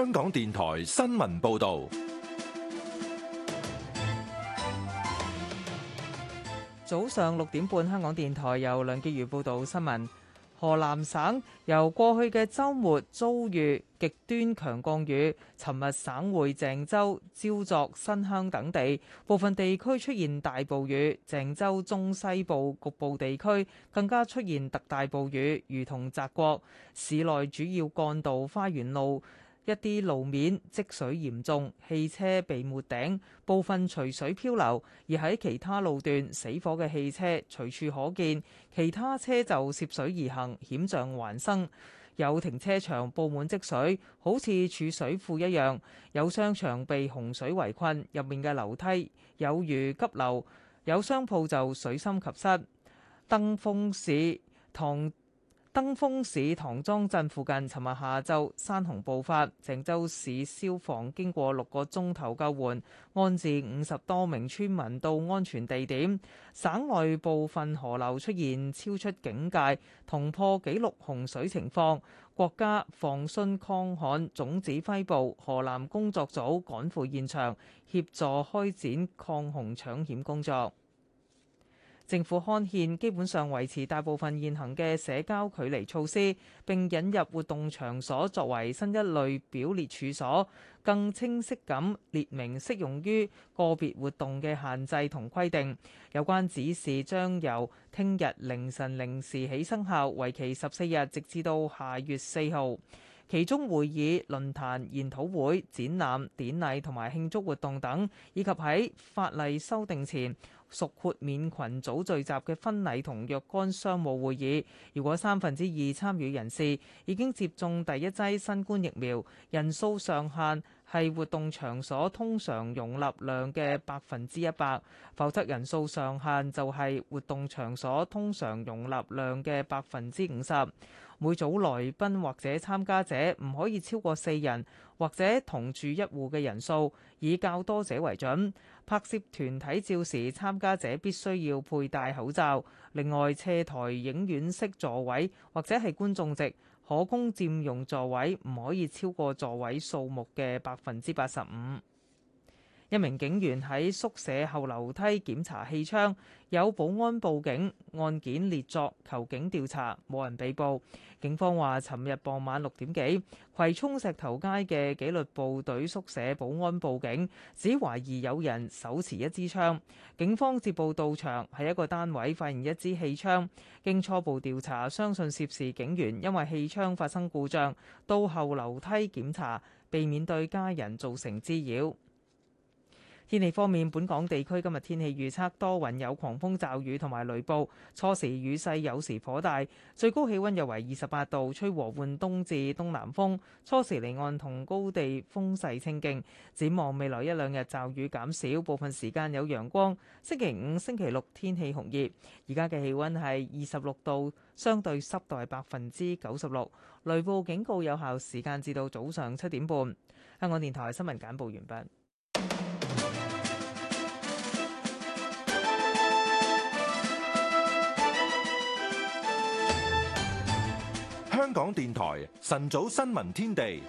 香港電台新聞報道，早上六點半，香港電台由梁潔如報道新聞。河南省由過去嘅周末遭遇極端強降雨，尋日省會鄭州、焦作、新鄉等地部分地區出現大暴雨，鄭州中西部局部地區更加出現特大暴雨，如同澤國。市內主要幹道花園路，一啲路面積水嚴重，汽車被沒頂，部分隨水漂流；而喺其他路段，死火嘅汽車隨處可見，其他車就涉水而行，險象環生。有停車場布滿積水，好似儲水庫一樣；有商場被洪水圍困，入面嘅樓梯有如急流，有商鋪就水深及膝。登封市唐登封市唐莊鎮附近，尋日下晝山洪暴發，鄭州市消防經過六個鐘頭救援，安置五十多名村民到安全地點。省內部分河流出現超出警戒、同破紀錄洪水情況，國家防汛抗旱總指揮部河南工作組趕赴現場，協助開展抗洪搶險工作。政府刊憲基本上維持大部分現行嘅社交距離措施，並引入活動場所作為新一類表列處所，更清晰咁列明適用於個別活動嘅限制同規定。有關指示將由聽日凌晨零時起生效，為期十四日，直至到下月四號。其中會議、論壇、研討會、展覽、典禮同埋慶祝活動等，以及喺法例修訂前。屬豁免群組聚集嘅婚禮同若干商務會議，如果三分之二參與人士已經接種第一劑新冠疫苗，人數上限係活動場所通常容納量嘅百分之一百；否則人數上限就係活動場所通常容納量嘅百分之五十。每組來賓或者參加者唔可以超過四人，或者同住一戶嘅人數，以較多者為準。拍攝團體照時，參加者必須要佩戴口罩。另外，斜台影院式座位或者係觀眾席，可供佔用座位唔可以超過座位數目嘅百分之八十五。一名警員喺宿舍後樓梯檢查氣槍，有保安報警，案件列作求警調查，冇人被捕。警方話，尋日傍晚六點幾，葵涌石頭街嘅紀律部隊宿舍保安報警，只懷疑有人手持一支槍。警方接報到場，喺一個單位發現一支氣槍，經初步調查，相信涉事警員因為氣槍發生故障，到後樓梯檢查，避免對家人造成滋擾。天氣方面，本港地區今日天氣預測多雲，有狂風驟雨同埋雷暴，初時雨勢有時頗大，最高氣溫約為二十八度，吹和緩東至東南風，初時離岸同高地風勢清勁。展望未來一兩日驟雨減少，部分時間有陽光。星期五、星期六天氣酷熱，而家嘅氣溫係二十六度，相對濕度係百分之九十六，雷暴警告有效時間至到早上七點半。香港電台新聞簡報完畢。香港電台晨早新聞天地，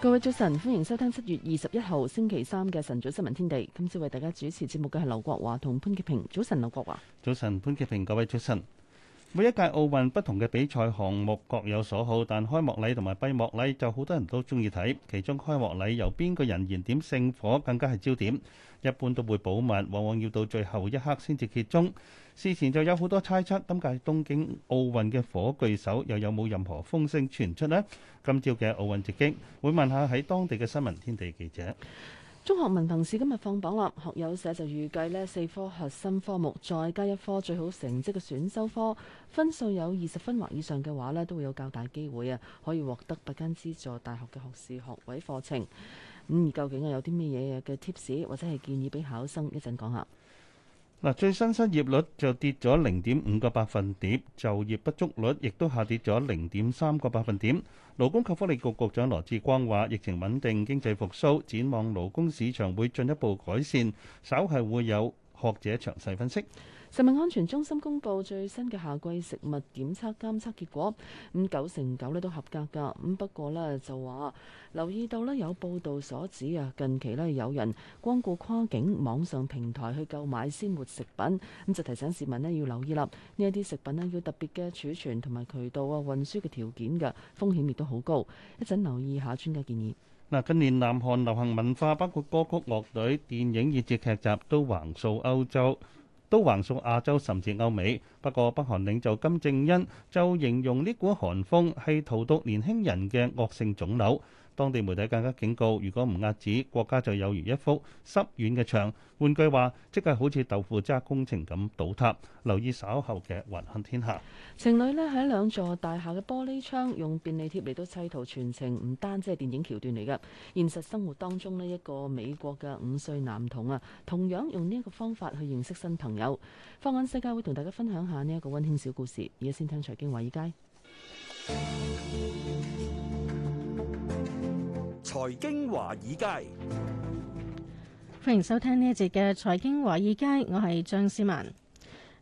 各位早晨，歡迎收聽七月二十一號星期三嘅晨早新聞天地。今次為大家主持節目嘅係劉國華同潘潔平。早晨，劉國華。早晨，潘潔平。各位早晨。每一屆奧運不同嘅比賽項目各有所好，但開幕禮同埋閉幕禮就好多人都中意睇。其中開幕禮由邊個人燃點聖火更加係焦點，一般都會保密，往往要到最後一刻先至揭盅。事前就有好多猜測，今屆東京奧運嘅火炬手又有冇任何風聲傳出呢？今朝嘅奧運直擊會問下喺當地嘅新聞天地記者。中學文憑試今日放榜啦，學友社就預計呢四科核心科目再加一科最好成績嘅選修科分數有二十分或以上嘅話呢，都會有較大機會啊可以獲得八間資助大學嘅學士學位課程。咁、嗯、究竟啊有啲咩嘢嘅 tips 或者係建議俾考生一陣講下。嗱，最新失業率就跌咗零點五個百分點，就業不足率亦都下跌咗零點三個百分點。勞工及福利局局長羅志光話：疫情穩定，經濟復甦，展望勞工市場會進一步改善，稍後會有學者詳細分析。食物安全中心公布最新嘅夏季食物檢測監測結果，咁九成九呢都合格噶。咁不過呢，就話留意到呢有報道所指啊，近期呢有人光顧跨境網上平台去購買鮮活食品，咁就提醒市民呢要留意啦。呢一啲食品呢要特別嘅儲存同埋渠道啊，運輸嘅條件嘅風險亦都好高。一陣留意下專家建議。嗱。近年南韓流行文化，包括歌曲樂隊、電影以至劇集，都橫掃歐洲。都橫掃亞洲甚至歐美，不過北韓領袖金正恩就形容呢股韓風係荼毒年輕人嘅惡性腫瘤。當地媒體更加警告，如果唔壓止，國家就有如一幅濕軟嘅牆。換句話，即係好似豆腐渣工程咁倒塌。留意稍後嘅《雲恨天下》情侶呢。情侶咧喺兩座大廈嘅玻璃窗用便利貼嚟到砌圖全程，唔單止係電影橋段嚟㗎。現實生活當中咧，一個美國嘅五歲男童啊，同樣用呢一個方法去認識新朋友。放眼世界，會同大家分享下呢一個溫馨小故事。而家先聽財經華爾街。財經華爾街，歡迎收聽呢一節嘅財經華爾街，我係張思文。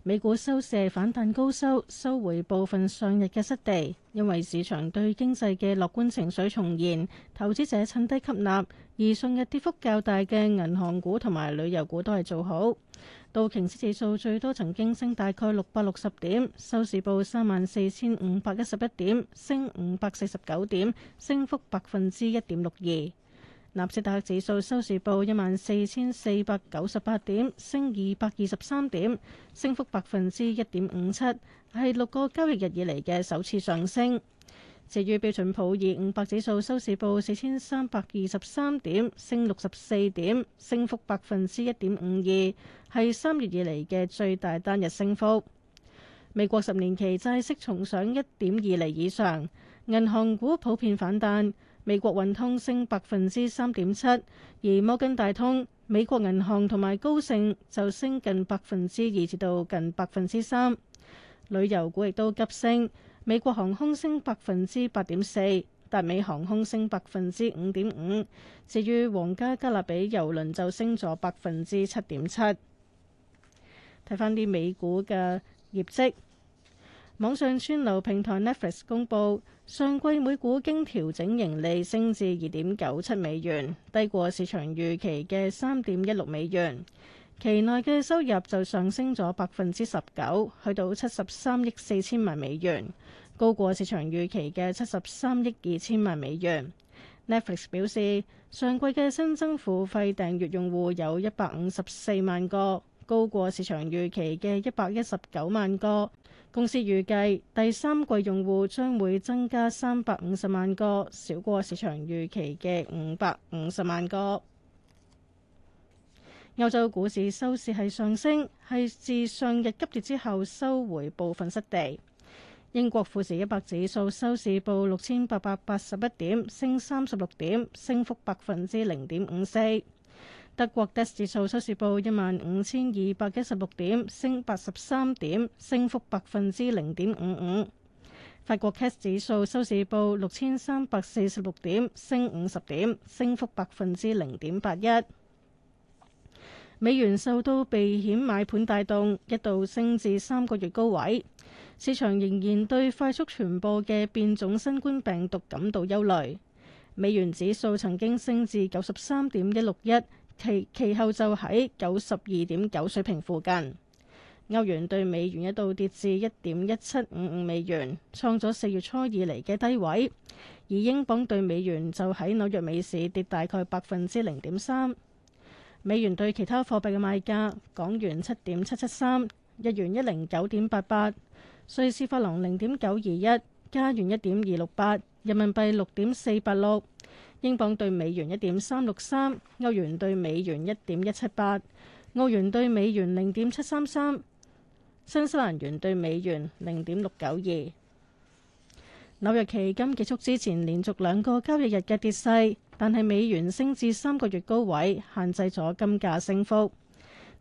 美股收市係反彈高收，收回部分上日嘅失地，因為市場對經濟嘅樂觀情緒重現，投資者趁低吸納，而上日跌幅較大嘅銀行股同埋旅遊股都係做好。道瓊斯指數最多曾經升大概六百六十點，收市報三萬四千五百一十一點，升五百四十九點，升幅百分之一點六二。納斯達克指數收市報一萬四千四百九十八點，升二百二十三點，升幅百分之一點五七，係六個交易日以嚟嘅首次上升。至於標準普爾五百指數收市報四千三百二十三點，升六十四點，升幅百分之一點五二，係三月以嚟嘅最大單日升幅。美國十年期債息重上一點二厘以上，銀行股普遍反彈。美國運通升百分之三點七，而摩根大通、美國銀行同埋高盛就升近百分之二至到近百分之三。旅遊股亦都急升。美國航空升百分之八點四，達美航空升百分之五點五。至於皇家加勒比郵輪就升咗百分之七點七。睇返啲美股嘅業績，網上串流平台 Netflix 公佈上季每股經調整盈利升至二點九七美元，低過市場預期嘅三點一六美元。期內嘅收入就上升咗百分之十九，去到七十三億四千萬美元。高過市場預期嘅七十三億二千萬美元。Netflix 表示，上季嘅新增付費訂閱用戶有一百五十四萬個，高過市場預期嘅一百一十九萬個。公司預計第三季用戶將會增加三百五十萬個，少過市場預期嘅五百五十萬個。歐洲股市收市係上升，係自上日急跌之後收回部分失地。英國富時一百指數收市報六千八百八十一點，升三十六點，升幅百分之零點五四。德國 DAX 指數收市報一萬五千二百一十六點，升八十三點，升幅百分之零點五五。法國 CAC 指數收市報六千三百四十六點，升五十點，升幅百分之零點八一。美元受到避險買盤帶動，一度升至三個月高位。市場仍然對快速傳播嘅變種新冠病毒感到憂慮。美元指數曾經升至九十三點一六一，其其後就喺九十二點九水平附近。歐元對美元一度跌至一點一七五五美元，創咗四月初以嚟嘅低位。而英鎊對美元就喺紐約美市跌大概百分之零點三。美元對其他貨幣嘅賣價，港元七點七七三，日元一零九點八八。瑞士法郎零點九二一，加元一點二六八，人民幣六點四八六，英鎊兌美元一點三六三，歐元兌美元一點一七八，澳元兌美元零點七三三，新西蘭元兌美元零點六九二。紐約期金結束之前，連續兩個交易日嘅跌勢，但係美元升至三個月高位，限制咗金價升幅。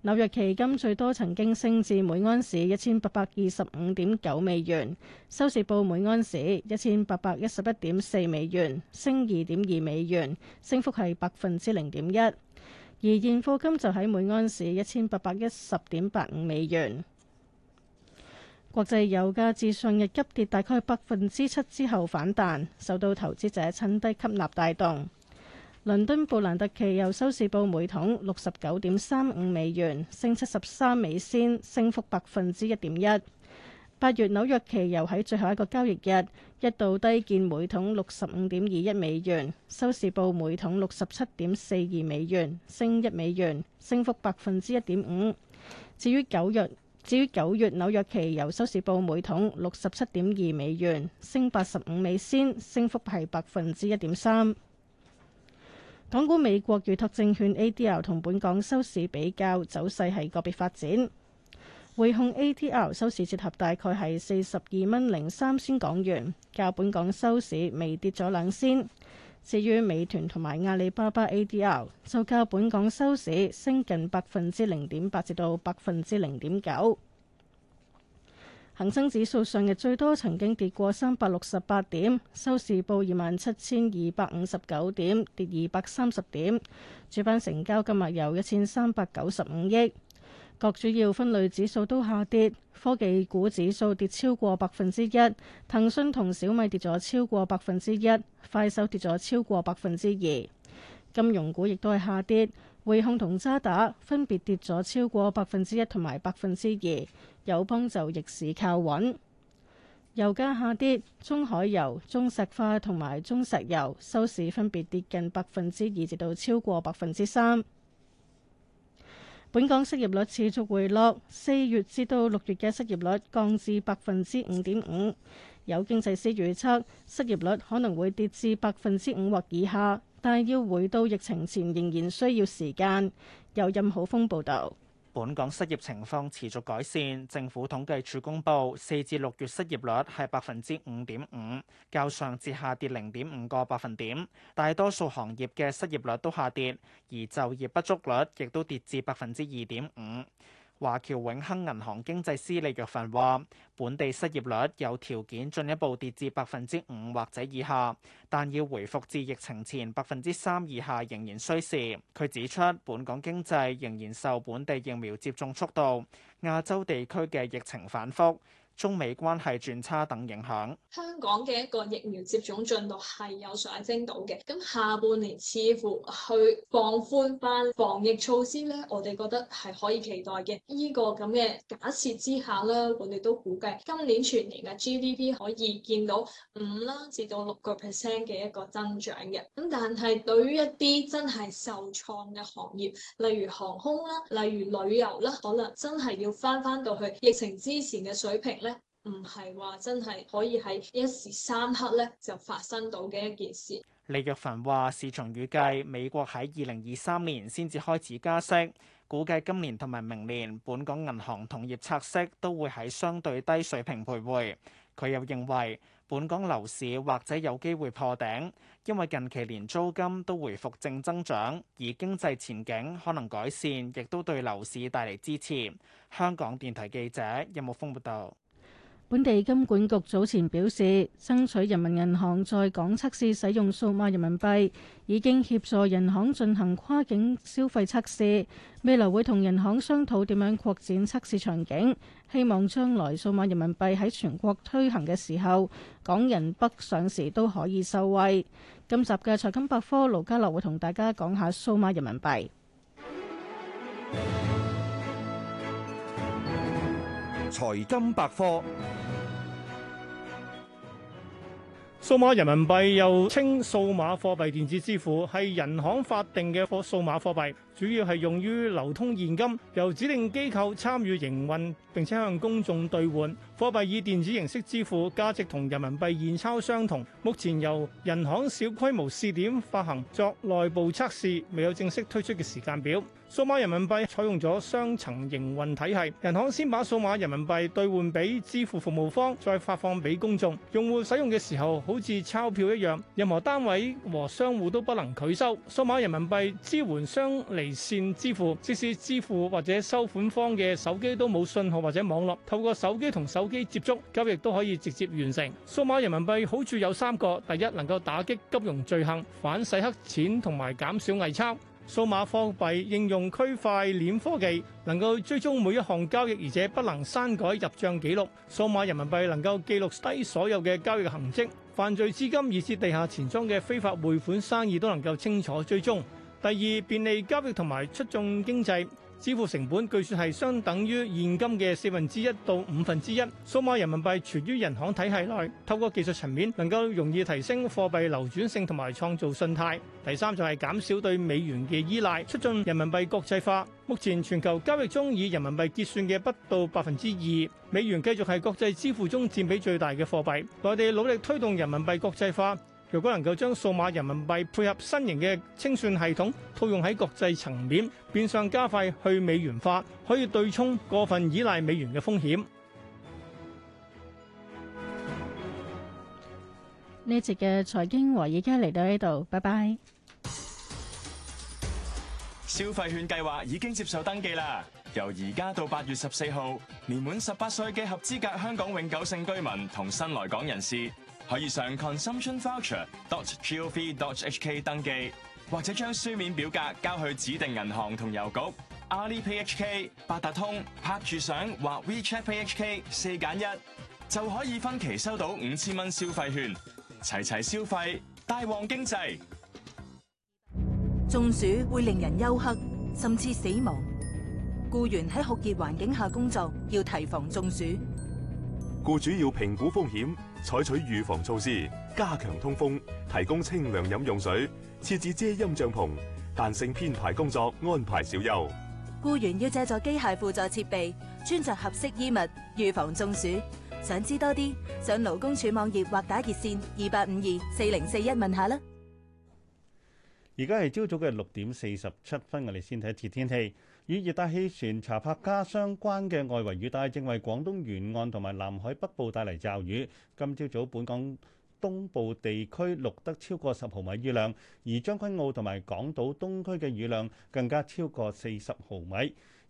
紐約期金最多曾經升至每盎司一千八百二十五點九美元，收市報每盎司一千八百一十一點四美元，升二點二美元，升幅係百分之零點一。而現貨金就喺每盎司一千八百一十點八五美元。國際油價自上日急跌大概百分之七之後反彈，受到投資者趁低吸納帶動。倫敦布蘭特期油收市報每桶六十九點三五美元，升七十三美仙，升幅百分之一點一。八月紐約期油喺最後一個交易日一度低見每桶六十五點二一美元，收市報每桶六十七點四二美元，升一美元，升幅百分之一點五。至於九月，至於九月紐約期油收市報每桶六十七點二美元，升八十五美仙，升幅係百分之一點三。港股、美國預託證券 ADL 同本港收市比較走勢係個別發展。匯控 ADL 收市折合大概係四十二蚊零三仙港元，較本港收市微跌咗兩仙。至於美團同埋阿里巴巴 ADL，就較本港收市升近百分之零點八至到百分之零點九。恒生指數上日最多曾經跌過三百六十八點，收市報二萬七千二百五十九點，跌二百三十點。主板成交今日有一千三百九十五億。各主要分類指數都下跌，科技股指數跌超過百分之一，騰訊同小米跌咗超過百分之一，快手跌咗超過百分之二。金融股亦都係下跌，匯控同渣打分別跌咗超過百分之一同埋百分之二。友邦就逆市靠穩，油價下跌，中海油、中石化同埋中石油收市分別跌近百分之二，至到超過百分之三。本港失業率持續回落，四月至到六月嘅失業率降至百分之五點五。有經濟師預測失業率可能會跌至百分之五或以下，但要回到疫情前仍然需要時間，由任好峯報道。本港失業情況持續改善，政府統計處公布四至六月失業率係百分之五點五，較上次下跌零點五個百分點。大多數行業嘅失業率都下跌，而就業不足率亦都跌至百分之二點五。華僑永亨銀行經濟師李若凡話，本地失業率有條件進一步跌至百分之五或者以下，但要回復至疫情前百分之三以下仍然需時。佢指出，本港經濟仍然受本地疫苗接種速度、亞洲地區嘅疫情反覆。中美關係轉差等影響，香港嘅一個疫苗接種進度係有上升到嘅。咁下半年似乎去放寬翻防疫措施咧，我哋覺得係可以期待嘅。呢個咁嘅假設之下咧，我哋都估計今年全年嘅 GDP 可以見到五啦至到六個 percent 嘅一個增長嘅。咁但係對於一啲真係受創嘅行業，例如航空啦，例如旅遊啦，可能真係要翻翻到去疫情之前嘅水平。唔係話真係可以喺一時三刻咧，就發生到嘅一件事。李玉凡話市場預計美國喺二零二三年先至開始加息，估計今年同埋明年本港銀行同業拆息都會喺相對低水平徘徊。佢又認為本港樓市或者有機會破頂，因為近期連租金都回復正增長，而經濟前景可能改善，亦都對樓市帶嚟支持。香港電台記者任木峯報道。有本地金管局早前表示，爭取人民銀行在港測試使用數碼人民幣，已經協助銀行進行跨境消費測試，未來會同銀行商討點樣擴展測試場景，希望將來數碼人民幣喺全國推行嘅時候，港人北上時都可以受惠。今集嘅財金百科盧家樂會同大家講下數碼人民幣。財金百科。數碼人民幣又稱數碼貨幣電子支付，係人行法定嘅貨數碼貨幣，主要係用於流通現金，由指定機構參與營運，並且向公眾兌換貨幣以電子形式支付，價值同人民幣現鈔相同。目前由人行小規模試點發行作內部測試，未有正式推出嘅時間表。數碼人民幣採用咗雙層營運體系，銀行先把數碼人民幣兌換俾支付服務方，再發放俾公眾。用戶使用嘅時候好似鈔票一樣，任何單位和商戶都不能拒收。數碼人民幣支援雙離線支付，即使支付或者收款方嘅手機都冇信號或者網絡，透過手機同手機接觸，交易都可以直接完成。數碼人民幣好處有三個：第一，能夠打擊金融罪行，反洗黑錢同埋減少偽鈔。數碼貨幣應用區塊鏈科技能夠追蹤每一項交易，而且不能刪改入賬記錄。數碼人民幣能夠記錄低所有嘅交易行跡，犯罪資金以至地下錢莊嘅非法匯款生意都能夠清楚追蹤。第二，便利交易同埋促進經濟。支付成本據說係相等於現金嘅四分之一到五分之一。數碼人民幣存於銀行體系內，透過技術層面能夠容易提升貨幣流轉性同埋創造信貸。第三就係減少對美元嘅依賴，促進人民幣國際化。目前全球交易中以人民幣結算嘅不到百分之二，美元繼續係國際支付中佔比最大嘅貨幣。內地努力推動人民幣國際化。如果能夠將數碼人民幣配合新型嘅清算系統套用喺國際層面，變相加快去美元化，可以對沖過分依賴美元嘅風險。呢節嘅財經和而家嚟到呢度，拜拜。消費券計劃已經接受登記啦，由而家到八月十四號，年滿十八歲嘅合資格香港永久性居民同新來港人士。可以上 consumptionvoucher.gov.hk 登記，或者將書面表格交去指定銀行同郵局。Alipay HK、八達通拍住相或 WeChat Pay HK 四揀一就可以分期收到五千蚊消費券，齊齊消費帶旺經濟。中暑會令人休克，甚至死亡。僱員喺酷熱環境下工作要提防中暑。僱主要評估風險。採取預防措施，加強通風，提供清涼飲用水，設置遮陰帳篷，彈性編排工作，安排小休。僱員要借助機械輔助設備，穿着合適衣物，預防中暑。想知多啲，上勞工處網頁或打熱線二八五二四零四一問下啦。而家係朝早嘅六點四十七分，我哋先睇一次天氣。與熱帶氣旋查帕卡相關嘅外圍雨帶正為廣東沿岸同埋南海北部帶嚟驟雨。今朝早本港東部地區錄得超過十毫米雨量，而將軍澳同埋港島東區嘅雨量更加超過四十毫米。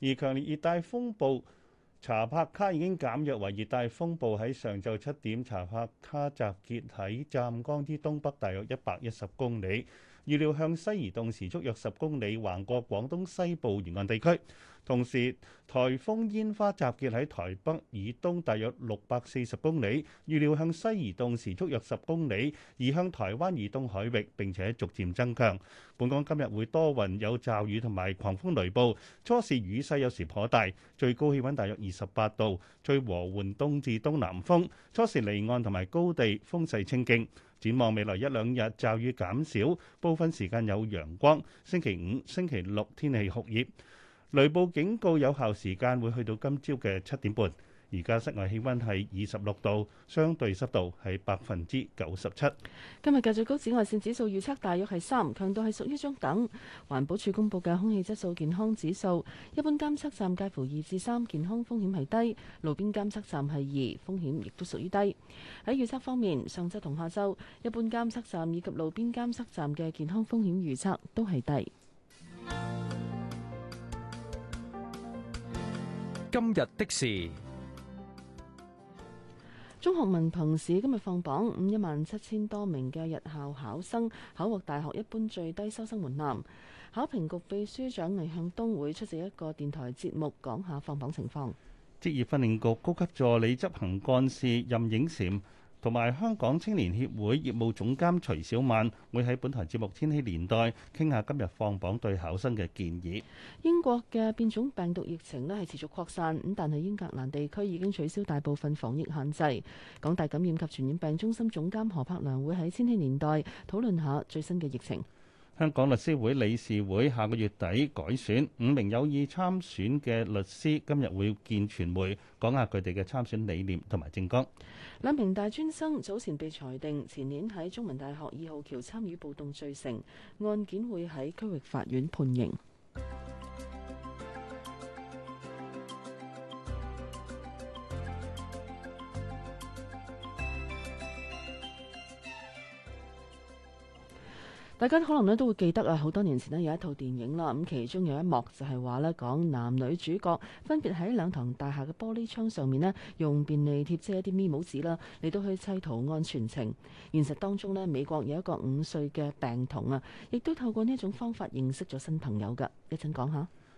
而強烈熱帶風暴查帕卡已經減弱為熱帶風暴，喺上晝七點查帕卡集結喺湛江之東北大約一百一十公里。預料向西移動時速約十公里，橫過廣東西部沿岸地區。同時，颱風煙花集結喺台北以東大約六百四十公里，預料向西移動時速約十公里，移向台灣以東海域並且逐漸增強。本港今日會多雲有驟雨同埋狂風雷暴，初時雨勢有時頗大，最高氣温大約二十八度，吹和緩東至東南風，初時離岸同埋高地風勢清勁。展望未來一兩日驟雨減少，部分時間有陽光。星期五、星期六天氣酷熱。雷暴警告有效時間會去到今朝嘅七點半。而家室外氣溫係二十六度，相對濕度係百分之九十七。今日嘅最高紫外線指數預測大約係三，強度係屬於中等。環保署公布嘅空氣質素健康指數，一般監測站介乎二至三，健康風險係低；路邊監測站係二，風險亦都屬於低。喺預測方面，上周同下周，一般監測站以及路邊監測站嘅健康風險預測都係低。今日的事，中學文憑試今日放榜，五一萬七千多名嘅日校考生考獲大學一般最低收生門檻。考評局秘書長魏向東會出席一個電台節目，講下放榜情況。職業訓練局高級助理執行幹事任影閃。同埋香港青年協會業務總監徐小曼會喺本台節目《千禧年代》傾下今日放榜對考生嘅建議。英國嘅變種病毒疫情呢係持續擴散，咁但係英格蘭地區已經取消大部分防疫限制。港大感染及傳染病中心總監何柏良會喺《千禧年代》討論下最新嘅疫情。香港律師會理事會下個月底改選，五名有意參選嘅律師今日會見傳媒，講下佢哋嘅參選理念同埋政綱。兩名大專生早前被裁定前年喺中文大學二號橋參與暴動罪成，案件會喺區域法院判刑。大家可能咧都會記得啊，好多年前咧有一套電影啦，咁其中有一幕就係話咧講男女主角分別喺兩棟大廈嘅玻璃窗上面咧，用便利貼遮一啲咪姆紙啦，你都可以砌圖案全程。現實當中咧，美國有一個五歲嘅病童啊，亦都透過呢一種方法認識咗新朋友噶，講一陣講下。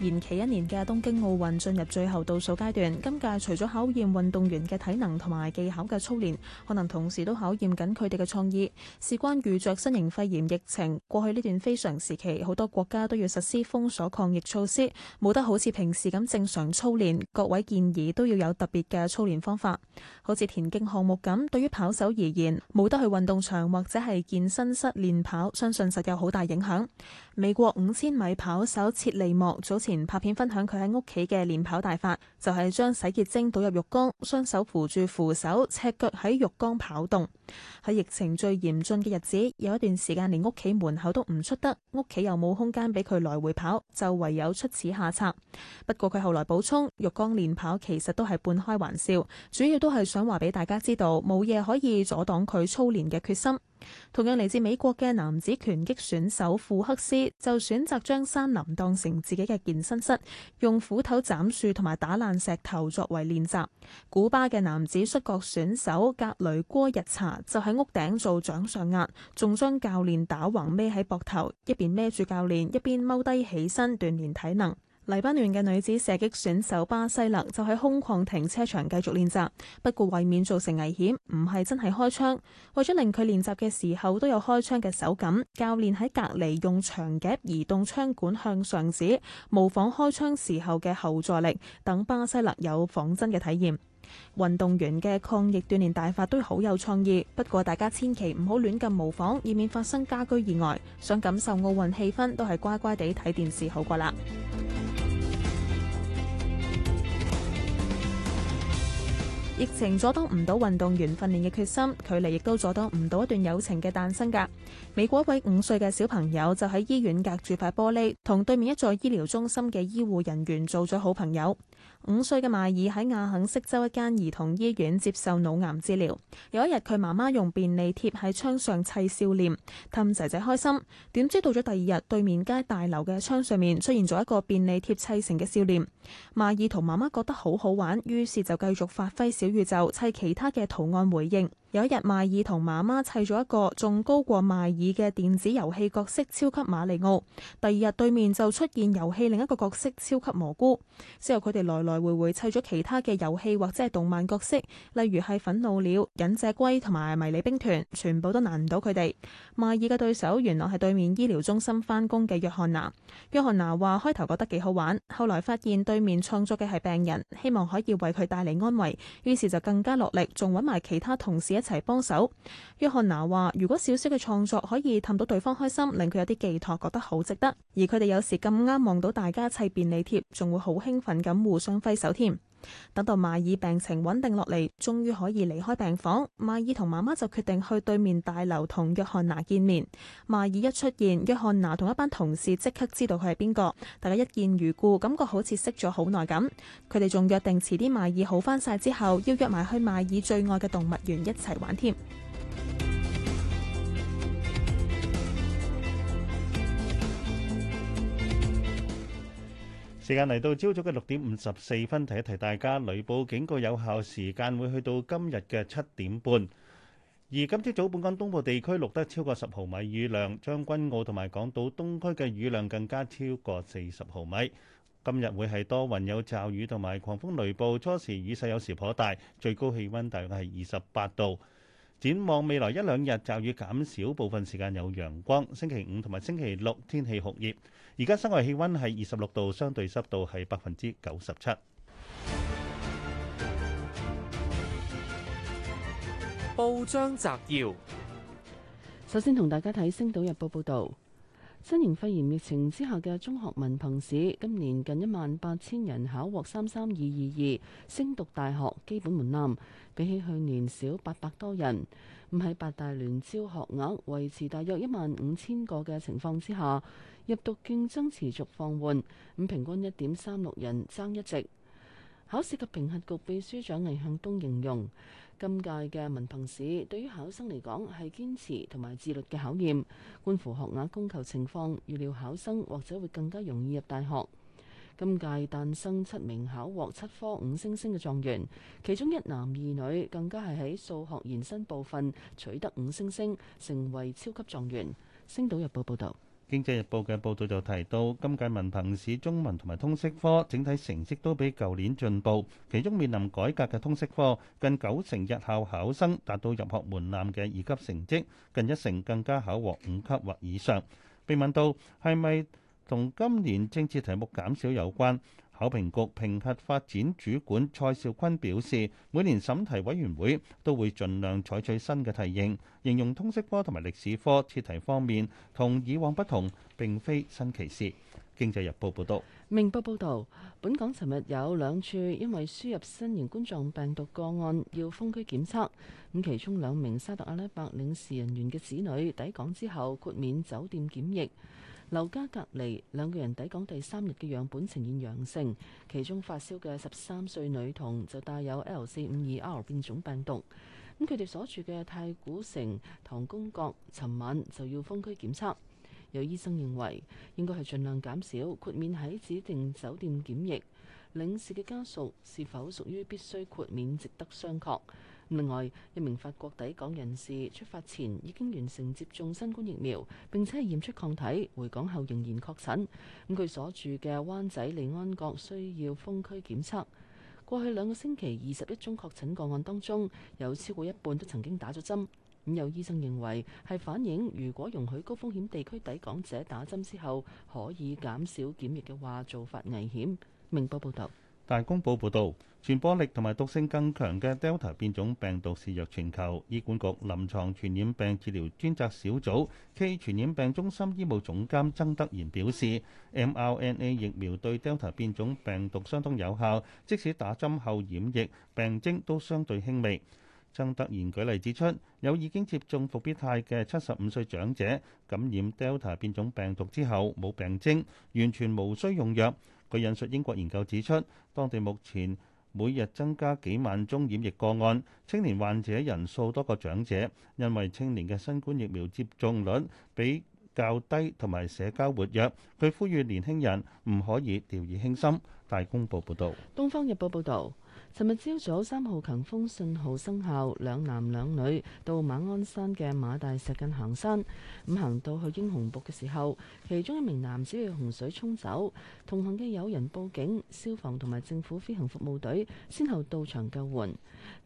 延期一年嘅東京奧運進入最後倒數階段，今屆除咗考驗運動員嘅體能同埋技巧嘅操練，可能同時都考驗緊佢哋嘅創意。事關遇着新型肺炎疫情，過去呢段非常時期，好多國家都要實施封鎖抗疫措施，冇得好似平時咁正常操練。各位建議都要有特別嘅操練方法，好似田徑項目咁，對於跑手而言，冇得去運動場或者係健身室練跑，相信實有好大影響。美國五千米跑手切利莫早前拍片分享佢喺屋企嘅練跑大法，就係將洗潔精倒入浴缸，雙手扶住扶手，赤腳喺浴缸跑動。喺疫情最嚴峻嘅日子，有一段時間連屋企門口都唔出得，屋企又冇空間俾佢來回跑，就唯有出此下策。不過佢後來補充，浴缸練跑其實都係半開玩笑，主要都係想話俾大家知道，冇嘢可以阻擋佢操練嘅決心。同樣嚟自美國嘅男子拳擊選手庫克斯就選擇將山林當成自己嘅健身室，用斧頭斬樹同埋打爛石頭作為練習。古巴嘅男子摔角選手格雷戈日查就喺屋頂做掌上壓，仲將教練打橫孭喺膊頭，一邊孭住教練，一邊踎低起身鍛煉體能。黎巴嫩嘅女子射擊選手巴西勒就喺空曠停車場繼續練習，不過為免造成危險，唔係真係開槍。為咗令佢練習嘅時候都有開槍嘅手感，教練喺隔籬用長夾移動槍管向上指，模仿開槍時候嘅後座力，等巴西勒有仿真嘅體驗。運動員嘅抗疫鍛煉大法都好有創意，不過大家千祈唔好亂咁模仿，以免發生家居意外。想感受奧運氣氛都係乖乖地睇電視好過啦。疫情阻擋唔到運動員訓練嘅決心，距離亦都阻擋唔到一段友情嘅誕生㗎。美國一位五歲嘅小朋友就喺醫院隔住塊玻璃，同對面一座醫療中心嘅醫護人員做咗好朋友。五歲嘅馬爾喺亞肯色州一間兒童醫院接受腦癌治療。有一日，佢媽媽用便利貼喺窗上砌笑臉，氹仔仔開心。點知到咗第二日，對面街大樓嘅窗上面出現咗一個便利貼砌成嘅笑臉。馬爾同媽媽覺得好好玩，於是就繼續發揮少宇宙砌其他嘅圖案回應。有一日，邁爾同媽媽砌咗一個仲高過邁爾嘅電子遊戲角色超級馬利奧。第二日，對面就出現遊戲另一個角色超級蘑菇。之後佢哋來來回回砌咗其他嘅遊戲或者係動漫角色，例如係憤怒鳥、忍者龜同埋迷你兵團，全部都難唔到佢哋。邁爾嘅對手原來係對面醫療中心翻工嘅約翰娜。約翰娜話開頭覺得幾好玩，後來發現對面創作嘅係病人，希望可以為佢帶嚟安慰，於是就更加落力，仲揾埋其他同事。一齊幫手。約翰娜話，如果小小嘅創作可以氹到對方開心，令佢有啲寄託，覺得好值得。而佢哋有時咁啱望到大家砌便利貼，仲會好興奮咁互相揮手添。等到邁爾病情穩定落嚟，終於可以離開病房，邁爾同媽媽就決定去對面大樓同約翰娜見面。邁爾一出現，約翰娜同一班同事即刻知道佢係邊個，大家一見如故，感覺好似識咗好耐咁。佢哋仲約定遲啲邁爾好返晒之後，要約埋去邁爾最愛嘅動物園一齊玩添。時間嚟到朝早嘅六點五十四分，提一提大家雷暴警告有效時間會去到今日嘅七點半。而今朝早本港東部地區錄得超過十毫米雨量，將軍澳同埋港島東區嘅雨量更加超過四十毫米。今日會係多雲有驟雨同埋狂風雷暴，初時雨勢有時頗大，最高氣温大概係二十八度。展望未來一兩日驟雨減少，部分時間有陽光。星期五同埋星期六天氣酷熱。而家室外氣温係二十六度，相對濕度係百分之九十七。報章摘要：首先同大家睇《星島日報》報導，新型肺炎疫情之下嘅中學文憑試，今年近一萬八千人考獲三三二二二，升讀大學基本門檻，比起去年少八百多人。唔喺八大聯招學額維持大約一萬五千個嘅情況之下。入讀競爭持續放緩，咁平均一點三六人爭一席。考試及評核局秘書長魏向東形容，今屆嘅文憑試對於考生嚟講係堅持同埋自律嘅考驗。觀乎學額供求情況，預料考生或者會更加容易入大學。今屆誕生七名考獲七科五星星嘅狀元，其中一男二女，更加係喺數學延伸部分取得五星星，成為超級狀元。星島日報報道。經濟日報嘅報道就提到，今屆文憑試中文同埋通識科整體成績都比舊年進步，其中面臨改革嘅通識科，近九成日校考生達到入學門檻嘅二級成績，近一成更加考獲五級或以上。被問到係咪同今年政治題目減少有關？考評局評核發展主管蔡少坤表示，每年審題委員會都會盡量採取新嘅題型，形容通識科同埋歷史科設題方面同以往不同，並非新奇事。經濟日報報道，明報報道，本港尋日有兩處因為輸入新型冠狀病毒個案要封區檢測，咁其中兩名沙特阿拉伯領事人員嘅子女抵港之後豁免酒店檢疫。留家隔離兩個人抵港第三日嘅樣本呈現陽性，其中發燒嘅十三歲女童就帶有 L 四五二 R 變種病毒。咁佢哋所住嘅太古城唐宮閣，尋晚就要封區檢測。有醫生認為應該係盡量減少豁免喺指定酒店檢疫，領事嘅家屬是否屬於必須豁免，值得商榷。另外，一名法國抵港人士出發前已經完成接種新冠疫苗，並且驗出抗體，回港後仍然確診。咁佢所住嘅灣仔利安閣需要封區檢測，過去兩個星期二十一宗確診個案當中，有超過一半都曾經打咗針。咁有醫生認為，係反映，如果容許高風險地區抵港者打針之後可以減少檢疫嘅話，做法危險。明報報道、大公報報道。傳播力同埋毒性更強嘅 Delta 變種病毒肆虐全球。醫管局臨床傳染病治療專責小組 K 傳染病中心醫務總監曾德賢表示，mRNA 疫苗對 Delta 變種病毒相當有效，即使打針後染疫，病徵都相對輕微。曾德賢舉例指出，有已經接種復必泰嘅七十五歲長者感染 Delta 變種病毒之後冇病徵，完全無需用藥。佢引述英國研究指出，當地目前每日增加幾萬宗染疫個案，青年患者人數多過長者，因為青年嘅新冠疫苗接種率比較低，同埋社交活躍。佢呼籲年輕人唔可以掉以輕心。大公報報導。東方日報報導。尋日朝早，三號強風信號生效，兩男兩女到馬鞍山嘅馬大石澗行山，咁行到去英雄瀑嘅時候，其中一名男子被洪水沖走，同行嘅友人報警，消防同埋政府飛行服務隊先後到場救援。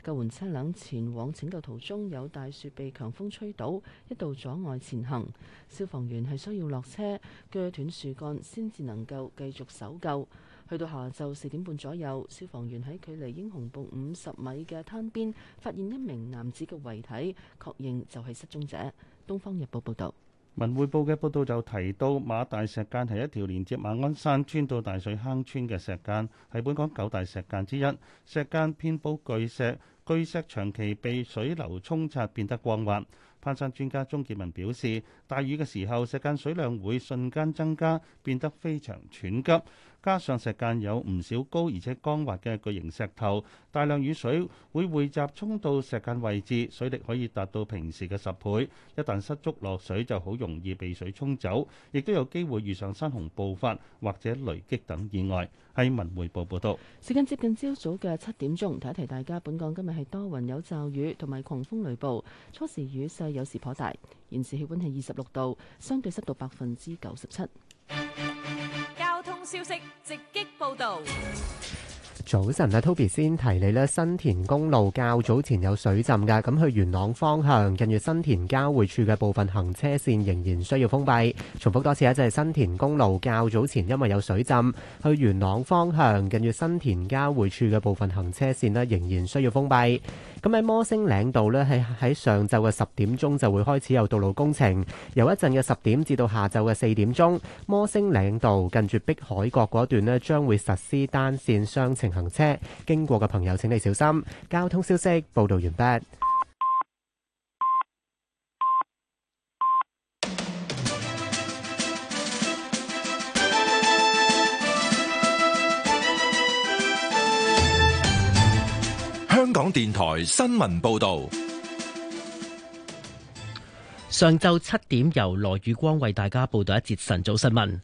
救援車輛前往拯救途中有大樹被強風吹倒，一度阻礙前行，消防員係需要落車鋸斷樹幹先至能夠繼續搜救。去到下晝四點半左右，消防員喺距離英雄步五十米嘅灘邊發現一名男子嘅遺體，確認就係失蹤者。《東方日報》報導，文匯報嘅報道就提到，馬大石澗係一條連接馬鞍山村到大水坑村嘅石澗，係本港九大石澗之一。石澗遍佈巨石，巨石長期被水流沖刷變得光滑。攀山專家鍾傑文表示，大雨嘅時候，石澗水量會瞬間增加，變得非常湍急。加上石澗有唔少高而且光滑嘅巨型石頭，大量雨水會匯集沖到石澗位置，水力可以達到平時嘅十倍。一旦失足落水，就好容易被水沖走，亦都有機會遇上山洪暴發或者雷擊等意外。係文匯報報道。時間接近朝早嘅七點鐘，提一提大家，本港今日係多雲有驟雨同埋狂風雷暴，初時雨勢有時頗大。現時氣溫係二十六度，相對濕度百分之九十七。消息直擊報道。早晨啦，Toby 先提你。呢新田公路較早前有水浸噶，咁去元朗方向近住新田交匯處嘅部分行車線仍然需要封閉。重複多次啊，就係新田公路較早前因為有水浸，去元朗方向近住新田交匯處嘅部分行車線呢，仍然需要封閉。咁喺摩星嶺道呢，喺喺上晝嘅十點鐘就會開始有道路工程，由一陣嘅十點至到下晝嘅四點鐘，摩星嶺道近住碧海角嗰段呢，將會實施單線雙程行車，經過嘅朋友請你小心。交通消息報道完畢。香港電台新聞報道，上晝七點由羅宇光為大家報道一節晨早新聞。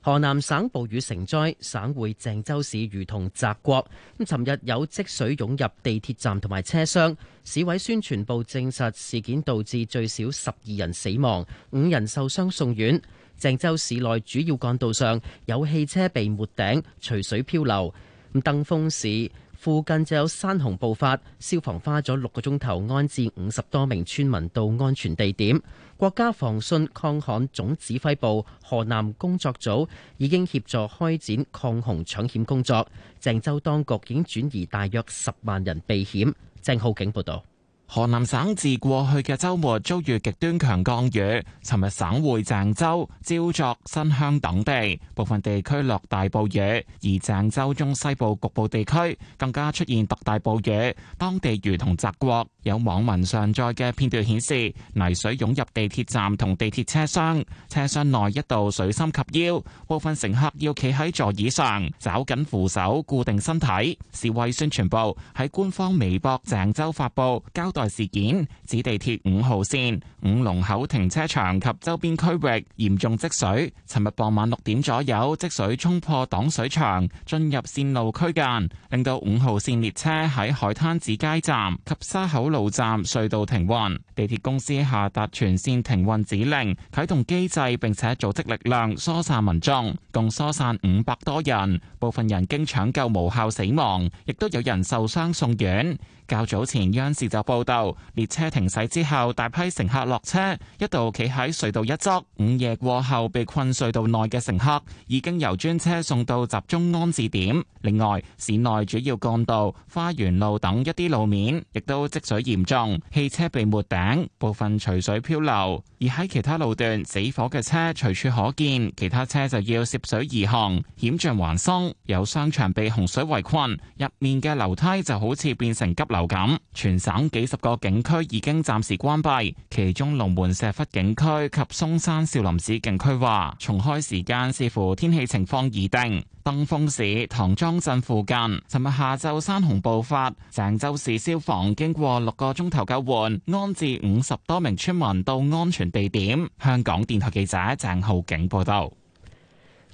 河南省暴雨成災，省會鄭州市如同澤國。咁尋日有積水湧入地鐵站同埋車廂，市委宣傳部證實事件導致最少十二人死亡，五人受傷送院。鄭州市內主要幹道上有汽車被沒頂、隨水漂流。咁登封市附近就有山洪暴發，消防花咗六個鐘頭安置五十多名村民到安全地點。國家防汛抗旱總指揮部河南工作組已經協助開展抗洪搶險工作，鄭州當局已經轉移大約十萬人避險。鄭浩景報道。河南省自過去嘅周末遭遇極端強降雨，尋日省會鄭州、焦作、新鄉等地部分地區落大暴雨，而鄭州中西部局部地區更加出現特大暴雨。當地如同澤國，有網民上載嘅片段顯示泥水湧入地鐵站同地鐵車廂，車廂內一度水深及腰，部分乘客要企喺座椅上抓緊扶手固定身體。市委宣傳部喺官方微博鄭州發布交代。事件指地鐵五號線五龍口停車場及周邊區域嚴重積水，尋日傍晚六點左右，積水衝破擋水牆，進入線路區間，令到五號線列車喺海灘子街站及沙口路站隧道停運。地鐵公司下達全線停運指令，啟動機制，並且組織力量疏散民眾，共疏散五百多人，部分人經搶救無效死亡，亦都有人受傷送院。較早前，央視就報道列車停駛之後，大批乘客落車，一度企喺隧道一側。午夜過後被困隧道內嘅乘客，已經由專車送到集中安置點。另外，市內主要幹道花園路等一啲路面，亦都積水嚴重，汽車被沒頂，部分隨水漂流。而喺其他路段，死火嘅車隨處可見，其他車就要涉水而行，險象環生。有商場被洪水圍困，入面嘅樓梯就好似變成急。流感，全省幾十個景區已經暫時關閉，其中龍門石窟景區及嵩山少林寺景區話，重開時間視乎天氣情況而定。登封市唐莊鎮附近，尋日下晝山洪暴發，鄭州市消防經過六個鐘頭救援，安置五十多名村民到安全地點。香港電台記者鄭浩景報道。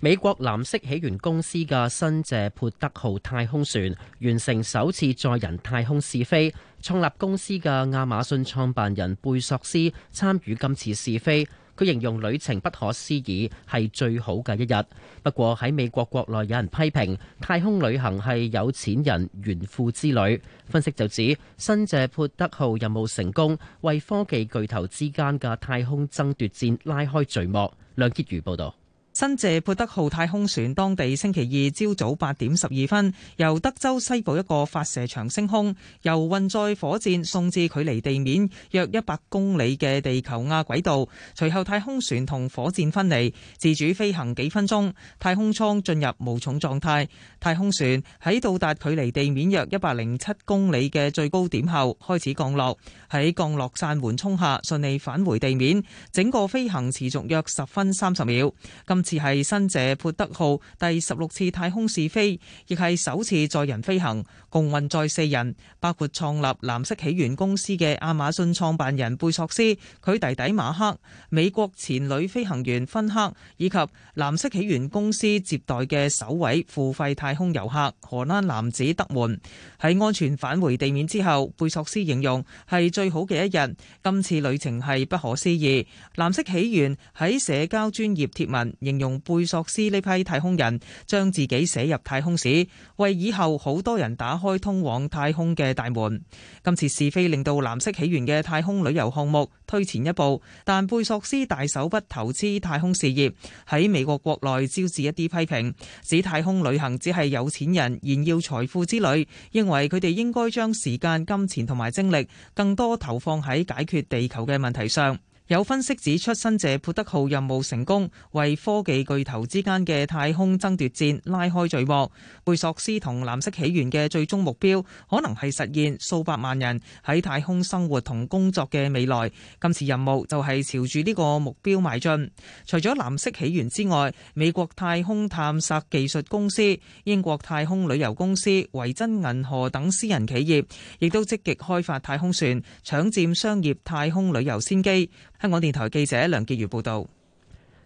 美國藍色起源公司嘅新謝潑德號太空船完成首次載人太空試飛。創立公司嘅亞馬遜創辦人貝索斯參與今次試飛，佢形容旅程不可思議，係最好嘅一日。不過喺美國國內有人批評太空旅行係有錢人炫富之旅。分析就指新謝潑德號任務成功，為科技巨頭之間嘅太空爭奪戰拉開序幕。梁潔如報道。新謝潑德號太空船，當地星期二朝早八點十二分由德州西部一個發射場升空，由運載火箭送至距離地面約一百公里嘅地球亞軌道。隨後太空船同火箭分離，自主飛行幾分鐘，太空艙進入無重狀態。太空船喺到達距離地面約一百零七公里嘅最高點後開始降落。喺降落傘緩衝下順利返回地面，整個飛行持續約十分三十秒。今次係新謝潑德號第十六次太空試飛，亦係首次載人飛行，共運載四人，包括創立藍色起源公司嘅亞馬遜創辦人貝索斯，佢弟弟馬克、美國前女飛行員芬克以及藍色起源公司接待嘅首位付費太空遊客荷蘭男子德門。喺安全返回地面之後，貝索斯形容係，最好嘅一日，今次旅程係不可思議。藍色起源喺社交專業貼文形容貝索斯呢批太空人將自己寫入太空史，為以後好多人打開通往太空嘅大門，今次是非令到藍色起源嘅太空旅遊項目推前一步，但貝索斯大手筆投資太空事業，喺美國國內招致一啲批評，指太空旅行只係有錢人炫耀財富之旅，認為佢哋應該將時間、金錢同埋精力更多投放喺解決地球嘅問題上。有分析指出，新謝潑德號任務成功，為科技巨頭之間嘅太空爭奪戰拉開序幕。貝索斯同藍色起源嘅最終目標，可能係實現數百萬人喺太空生活同工作嘅未來。今次任務就係朝住呢個目標邁進。除咗藍色起源之外，美國太空探索技術公司、英國太空旅遊公司、維珍銀河等私人企業，亦都積極開發太空船，搶佔商業太空旅遊先機。香港電台記者梁潔如報道：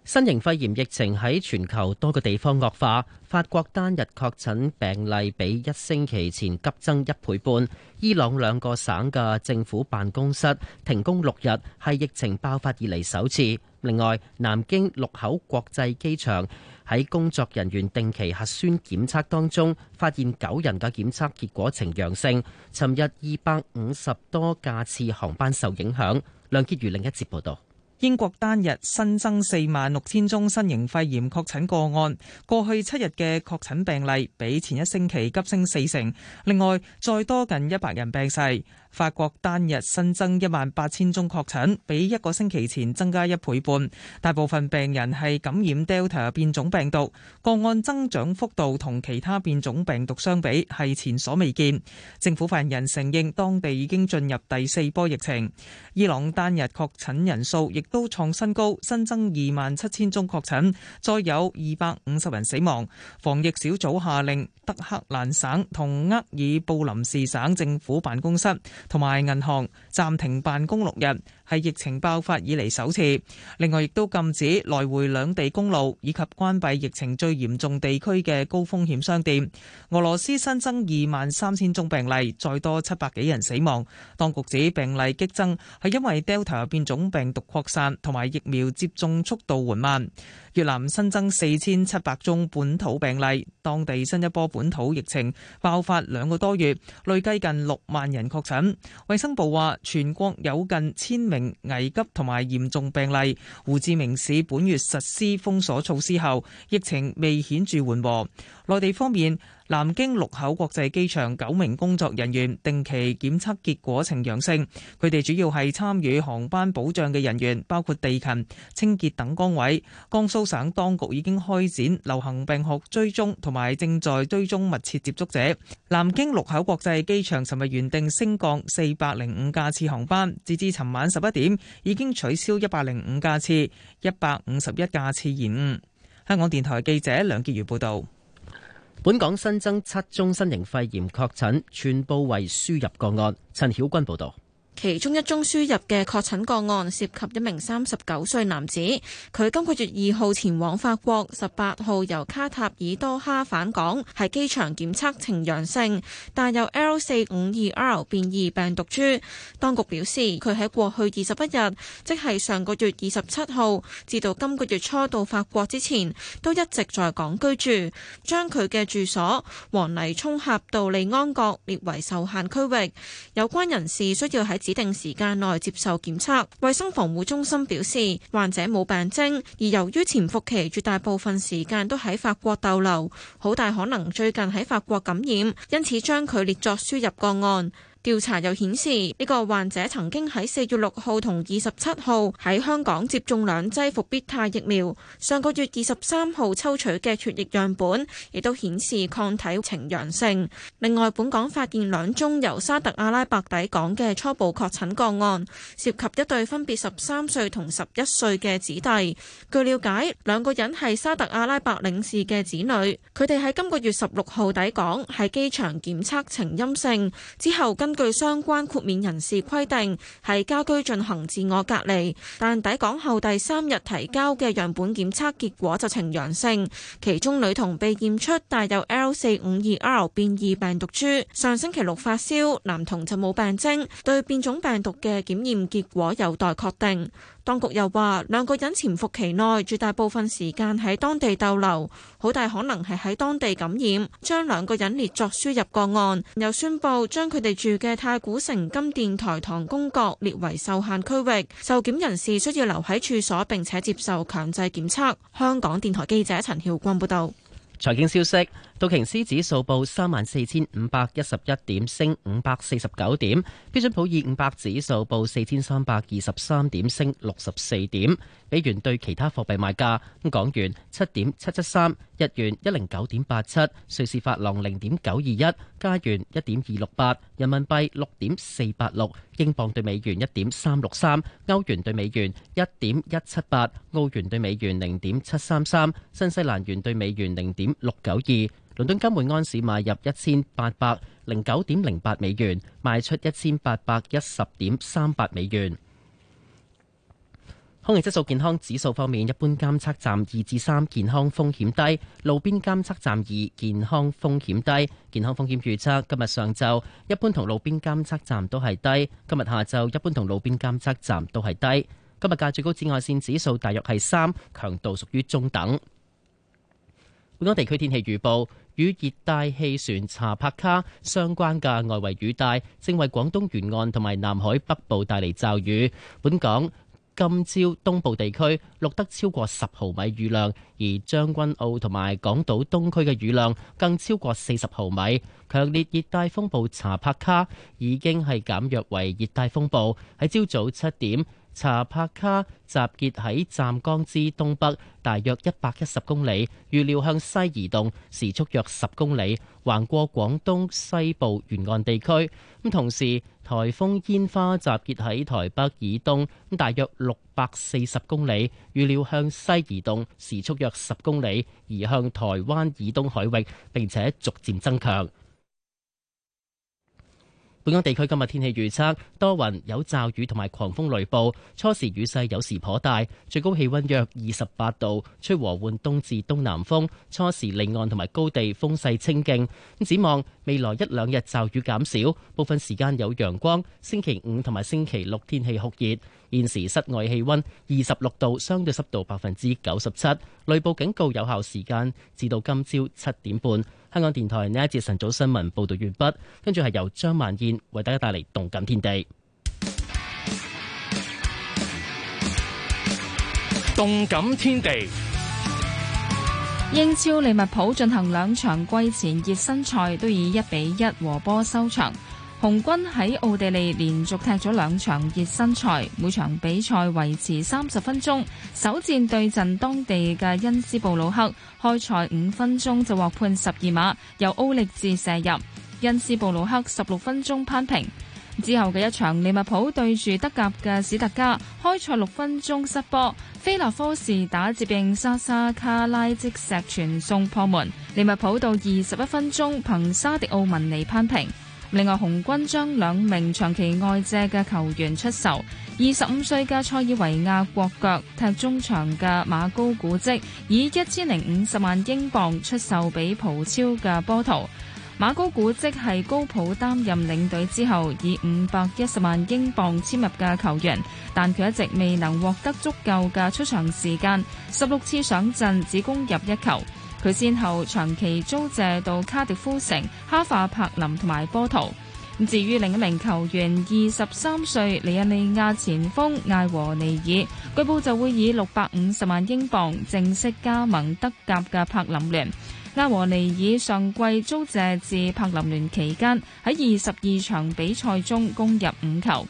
新型肺炎疫情喺全球多個地方惡化。法國單日確診病例比一星期前急增一倍半。伊朗兩個省嘅政府辦公室停工六日，係疫情爆發以嚟首次。另外，南京祿口國際機場喺工作人員定期核酸檢測當中發現九人嘅檢測結果呈陽性。尋日二百五十多架次航班受影響。梁潔如另一節報道，英國單日新增四萬六千宗新型肺炎確診個案，過去七日嘅確診病例比前一星期急升四成，另外再多近一百人病逝。法國單日新增一萬八千宗確診，比一個星期前增加一倍半。大部分病人係感染 Delta 變種病毒，個案增長幅度同其他變種病毒相比係前所未見。政府發言人承認當地已經進入第四波疫情。伊朗單日確診人數亦都創新高，新增二萬七千宗確診，再有二百五十人死亡。防疫小組下令德黑蘭省同厄爾布爾士省政府辦公室，同埋銀行暫停辦公六日。係疫情爆發以嚟首次，另外亦都禁止來回兩地公路，以及關閉疫情最嚴重地區嘅高風險商店。俄羅斯新增二萬三千宗病例，再多七百幾人死亡。當局指病例激增係因為 Delta 入變種病毒擴散同埋疫苗接種速度緩慢。越南新增四千七百宗本土病例，當地新一波本土疫情爆發兩個多月，累計近六萬人確診。衛生部話全國有近千危急同埋嚴重病例，胡志明市本月實施封鎖措施後，疫情未顯著緩和。內地方面，南京祿口國際機場九名工作人員定期檢測結果呈陽性，佢哋主要係參與航班保障嘅人員，包括地勤、清潔等崗位。江蘇省當局已經開展流行病學追蹤同埋正在追蹤密切接觸者。南京祿口國際機場尋日原定升降四百零五架次航班，截至尋晚十一點已經取消一百零五架次，一百五十一架次延誤。香港電台記者梁潔如報道。本港新增七宗新型肺炎確診，全部為輸入個案。陳曉君報道。其中一宗輸入嘅確診個案涉及一名三十九歲男子，佢今個月二號前往法國，十八號由卡塔爾多哈返港，喺機場檢測呈陽性，帶有 L 四五二 R 變異病毒株。當局表示，佢喺過去二十一日，即係上個月二十七號至到今個月初到法國之前，都一直在港居住。將佢嘅住所黃泥涌峽道利安閣列為受限區域，有關人士需要喺指定時間內接受檢測。衛生防護中心表示，患者冇病徵，而由於潛伏期絕大部分時間都喺法國逗留，好大可能最近喺法國感染，因此將佢列作輸入個案。調查又顯示，呢、呢個患者曾經喺四月六號同二十七號喺香港接種兩劑復必泰疫苗。上個月二十三號抽取嘅血液樣本亦都顯示抗體呈陽性。另外，本港發現兩宗由沙特阿拉伯抵港嘅初步確診個案，涉及一對分別十三歲同十一歲嘅子弟。據了解，兩個人係沙特阿拉伯領事嘅子女，佢哋喺今個月十六號抵港，喺機場檢測呈陰性，之後跟。根據相關豁免人士規定，係家居進行自我隔離，但抵港後第三日提交嘅樣本檢測結果就呈陽性，其中女童被驗出帶有 L 四五二 R 變異病毒株，上星期六發燒，男童就冇病徵，對變種病毒嘅檢驗結果有待確定。當局又話，兩個人潛伏期內絕大部分時間喺當地逗留，好大可能係喺當地感染，將兩個人列作輸入個案，又宣布將佢哋住嘅太古城金殿台堂公閣列為受限區域，受檢人士需要留喺處所並且接受強制檢測。香港電台記者陳曉光報道。財經消息。道瓊斯指數報三萬四千五百一十一點，升五百四十九點。標準普爾五百指數報四千三百二十三點，升六十四點。美元對其他貨幣賣價：港元七點七七三，日元一零九點八七，瑞士法郎零點九二一，加元一點二六八，人民幣六點四八六，英鎊對美元一點三六三，歐元對美元一點一七八，澳元對美元零點七三三，新西蘭元對美元零點六九二。倫敦金每安士買入一千八百零九點零八美元，賣出一千八百一十點三八美元。空氣質素健康指數方面，一般監測站二至三，健康風險低；路邊監測站二，健康風險低。健康風險預測今日上晝一般同路邊監測站都係低，今日下晝一般同路邊監測站都係低。今日嘅最高紫外線指數大約係三，強度屬於中等。本港地區天氣預報。與熱帶氣旋查帕卡相關嘅外圍雨帶，正為廣東沿岸同埋南海北部帶嚟驟雨。本港今朝東部地區錄得超過十毫米雨量，而將軍澳同埋港島東區嘅雨量更超過四十毫米。強烈熱帶風暴查帕卡已經係減弱為熱帶風暴，喺朝早七點。查帕卡集結喺湛江之東北，大約一百一十公里，預料向西移動，時速約十公里，橫過廣東西部沿岸地區。同時，台風煙花集結喺台北以東，大約六百四十公里，預料向西移動，時速約十公里，移向台灣以東海域，並且逐漸增強。本港地區今日天氣預測多雲，有驟雨同埋狂風雷暴，初時雨勢有時頗大，最高氣温約二十八度，吹和緩東至東南風，初時離岸同埋高地風勢清勁。咁展望未來一兩日驟雨減少，部分時間有陽光。星期五同埋星期六天氣酷熱。現時室外氣温二十六度，相對濕度百分之九十七，雷暴警告有效時間至到今朝七點半。香港電台呢一節晨早新聞報道完畢，跟住係由張曼燕為大家帶嚟動感天地。動感天地，英超利物浦進行兩場季前熱身賽，都以一比一和波收場。紅軍喺奧地利連續踢咗兩場熱身賽，每場比賽維持三十分鐘。首戰對陣當地嘅恩斯布魯克，開賽五分鐘就獲判十二碼，由奧力治射入。恩斯布魯克十六分鐘攀平。之後嘅一場利物浦對住德甲嘅史特加，開賽六分鐘失波，菲洛科士打接應沙沙卡拉即石傳送破門，利物浦到二十一分鐘憑沙迪奧文尼攀平。另外，紅軍將兩名長期外借嘅球員出售。二十五歲嘅塞爾維亞國腳踢中場嘅馬高古積，以一千零五十萬英鎊出售俾葡超嘅波圖。馬高古積係高普擔任領隊之後，以五百一十萬英鎊簽入嘅球員，但佢一直未能獲得足夠嘅出場時間，十六次上陣只攻入一球。佢先後長期租借到卡迪夫城、哈法柏林同埋波圖。至於另一名球員，二十三歲尼日利亞前鋒艾和尼爾，據報就會以六百五十萬英鎊正式加盟德甲嘅柏林聯。艾和尼爾上季租借至柏林聯期間，喺二十二場比賽中攻入五球。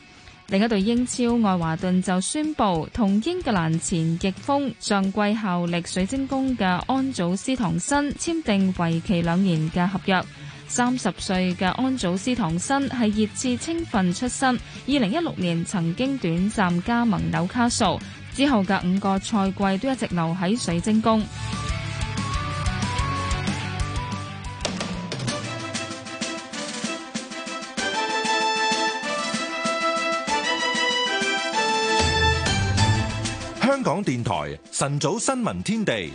另一隊英超愛華頓就宣布同英格蘭前翼鋒上季效力水晶宮嘅安祖斯唐森簽訂為期兩年嘅合約。三十歲嘅安祖斯唐森係熱刺青訓出身，二零一六年曾經短暫加盟紐卡素，之後嘅五個賽季都一直留喺水晶宮。香港電台晨早新聞天地，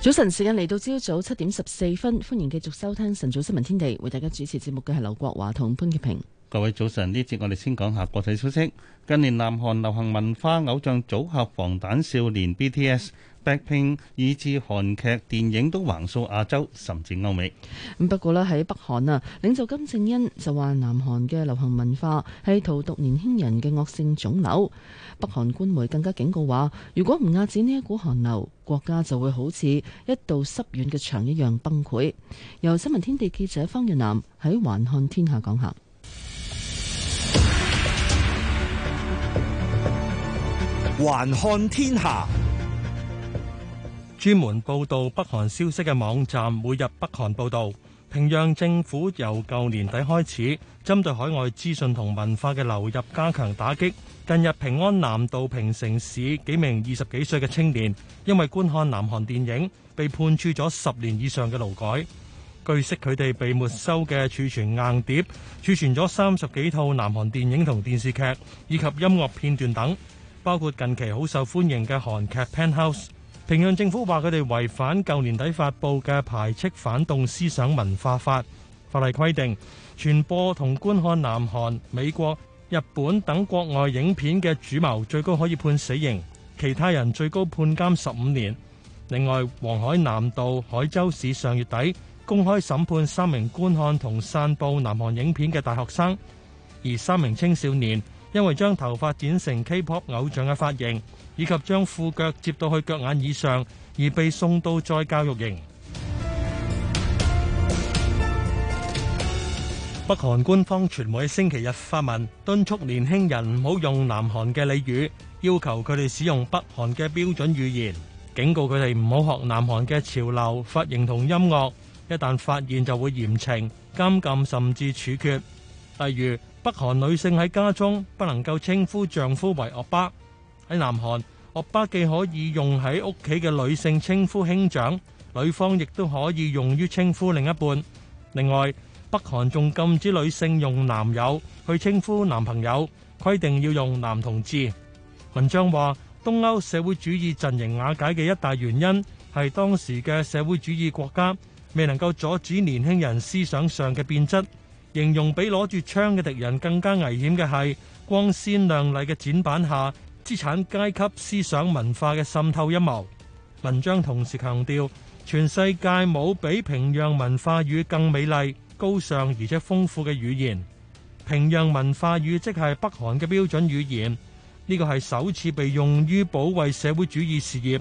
早晨時間嚟到朝早七點十四分，歡迎繼續收聽晨早新聞天地，為大家主持節目嘅係劉國華同潘潔平。各位早晨，呢節我哋先講下國際消息。近年南韓流行文化偶像組合防彈少年 BTS。百拼以至韓劇、電影都橫掃亞洲，甚至歐美。不過咧，喺北韓啊，領袖金正恩就話：南韓嘅流行文化係荼毒年輕人嘅惡性腫瘤。北韓官媒更加警告話：如果唔壓止呢一股韓流，國家就會好似一道濕軟嘅牆一樣崩潰。由新聞天地記者方若南喺《橫看天下》講下，《橫看天下》。專門報道北韓消息嘅網站每日北韓報導，平壤政府由舊年底開始針對海外資訊同文化嘅流入加強打擊。近日，平安南道平城市幾名二十幾歲嘅青年，因為觀看南韓電影，被判處咗十年以上嘅勞改。據悉，佢哋被沒收嘅儲存硬碟，儲存咗三十幾套南韓電影同電視劇，以及音樂片段等，包括近期好受歡迎嘅韓劇《Penthouse》。平壤政府話佢哋違反舊年底發布嘅排斥反動思想文化法。法例規定，傳播同觀看南韓、美國、日本等國外影片嘅主謀最高可以判死刑，其他人最高判監十五年。另外，黃海南道海州市上月底公開審判三名觀看同散佈南韓影片嘅大學生，而三名青少年因為將頭髮剪成 K-pop 偶像嘅髮型。以及將褲腳接到去腳眼以上，而被送到再教育營。北韓官方傳媒星期日發文敦促年輕人唔好用南韓嘅俚語，要求佢哋使用北韓嘅標準語言，警告佢哋唔好學南韓嘅潮流、髮型同音樂，一旦發現就會嚴懲、監禁甚至處決。例如，北韓女性喺家中不能夠稱呼丈夫為歐巴。喺南韓，歐巴既可以用喺屋企嘅女性稱呼兄長，女方亦都可以用於稱呼另一半。另外，北韓仲禁止女性用男友去稱呼男朋友，規定要用男同志。文章話，東歐社會主義陣營瓦解嘅一大原因係當時嘅社會主義國家未能夠阻止年輕人思想上嘅變質。形容比攞住槍嘅敵人更加危險嘅係光鮮亮麗嘅展板下，資產階級思想文化嘅滲透陰謀。文章同時強調，全世界冇比平壤文化語更美麗、高尚而且豐富嘅語言。平壤文化語即係北韓嘅標準語言。呢個係首次被用於保衛社會主義事業。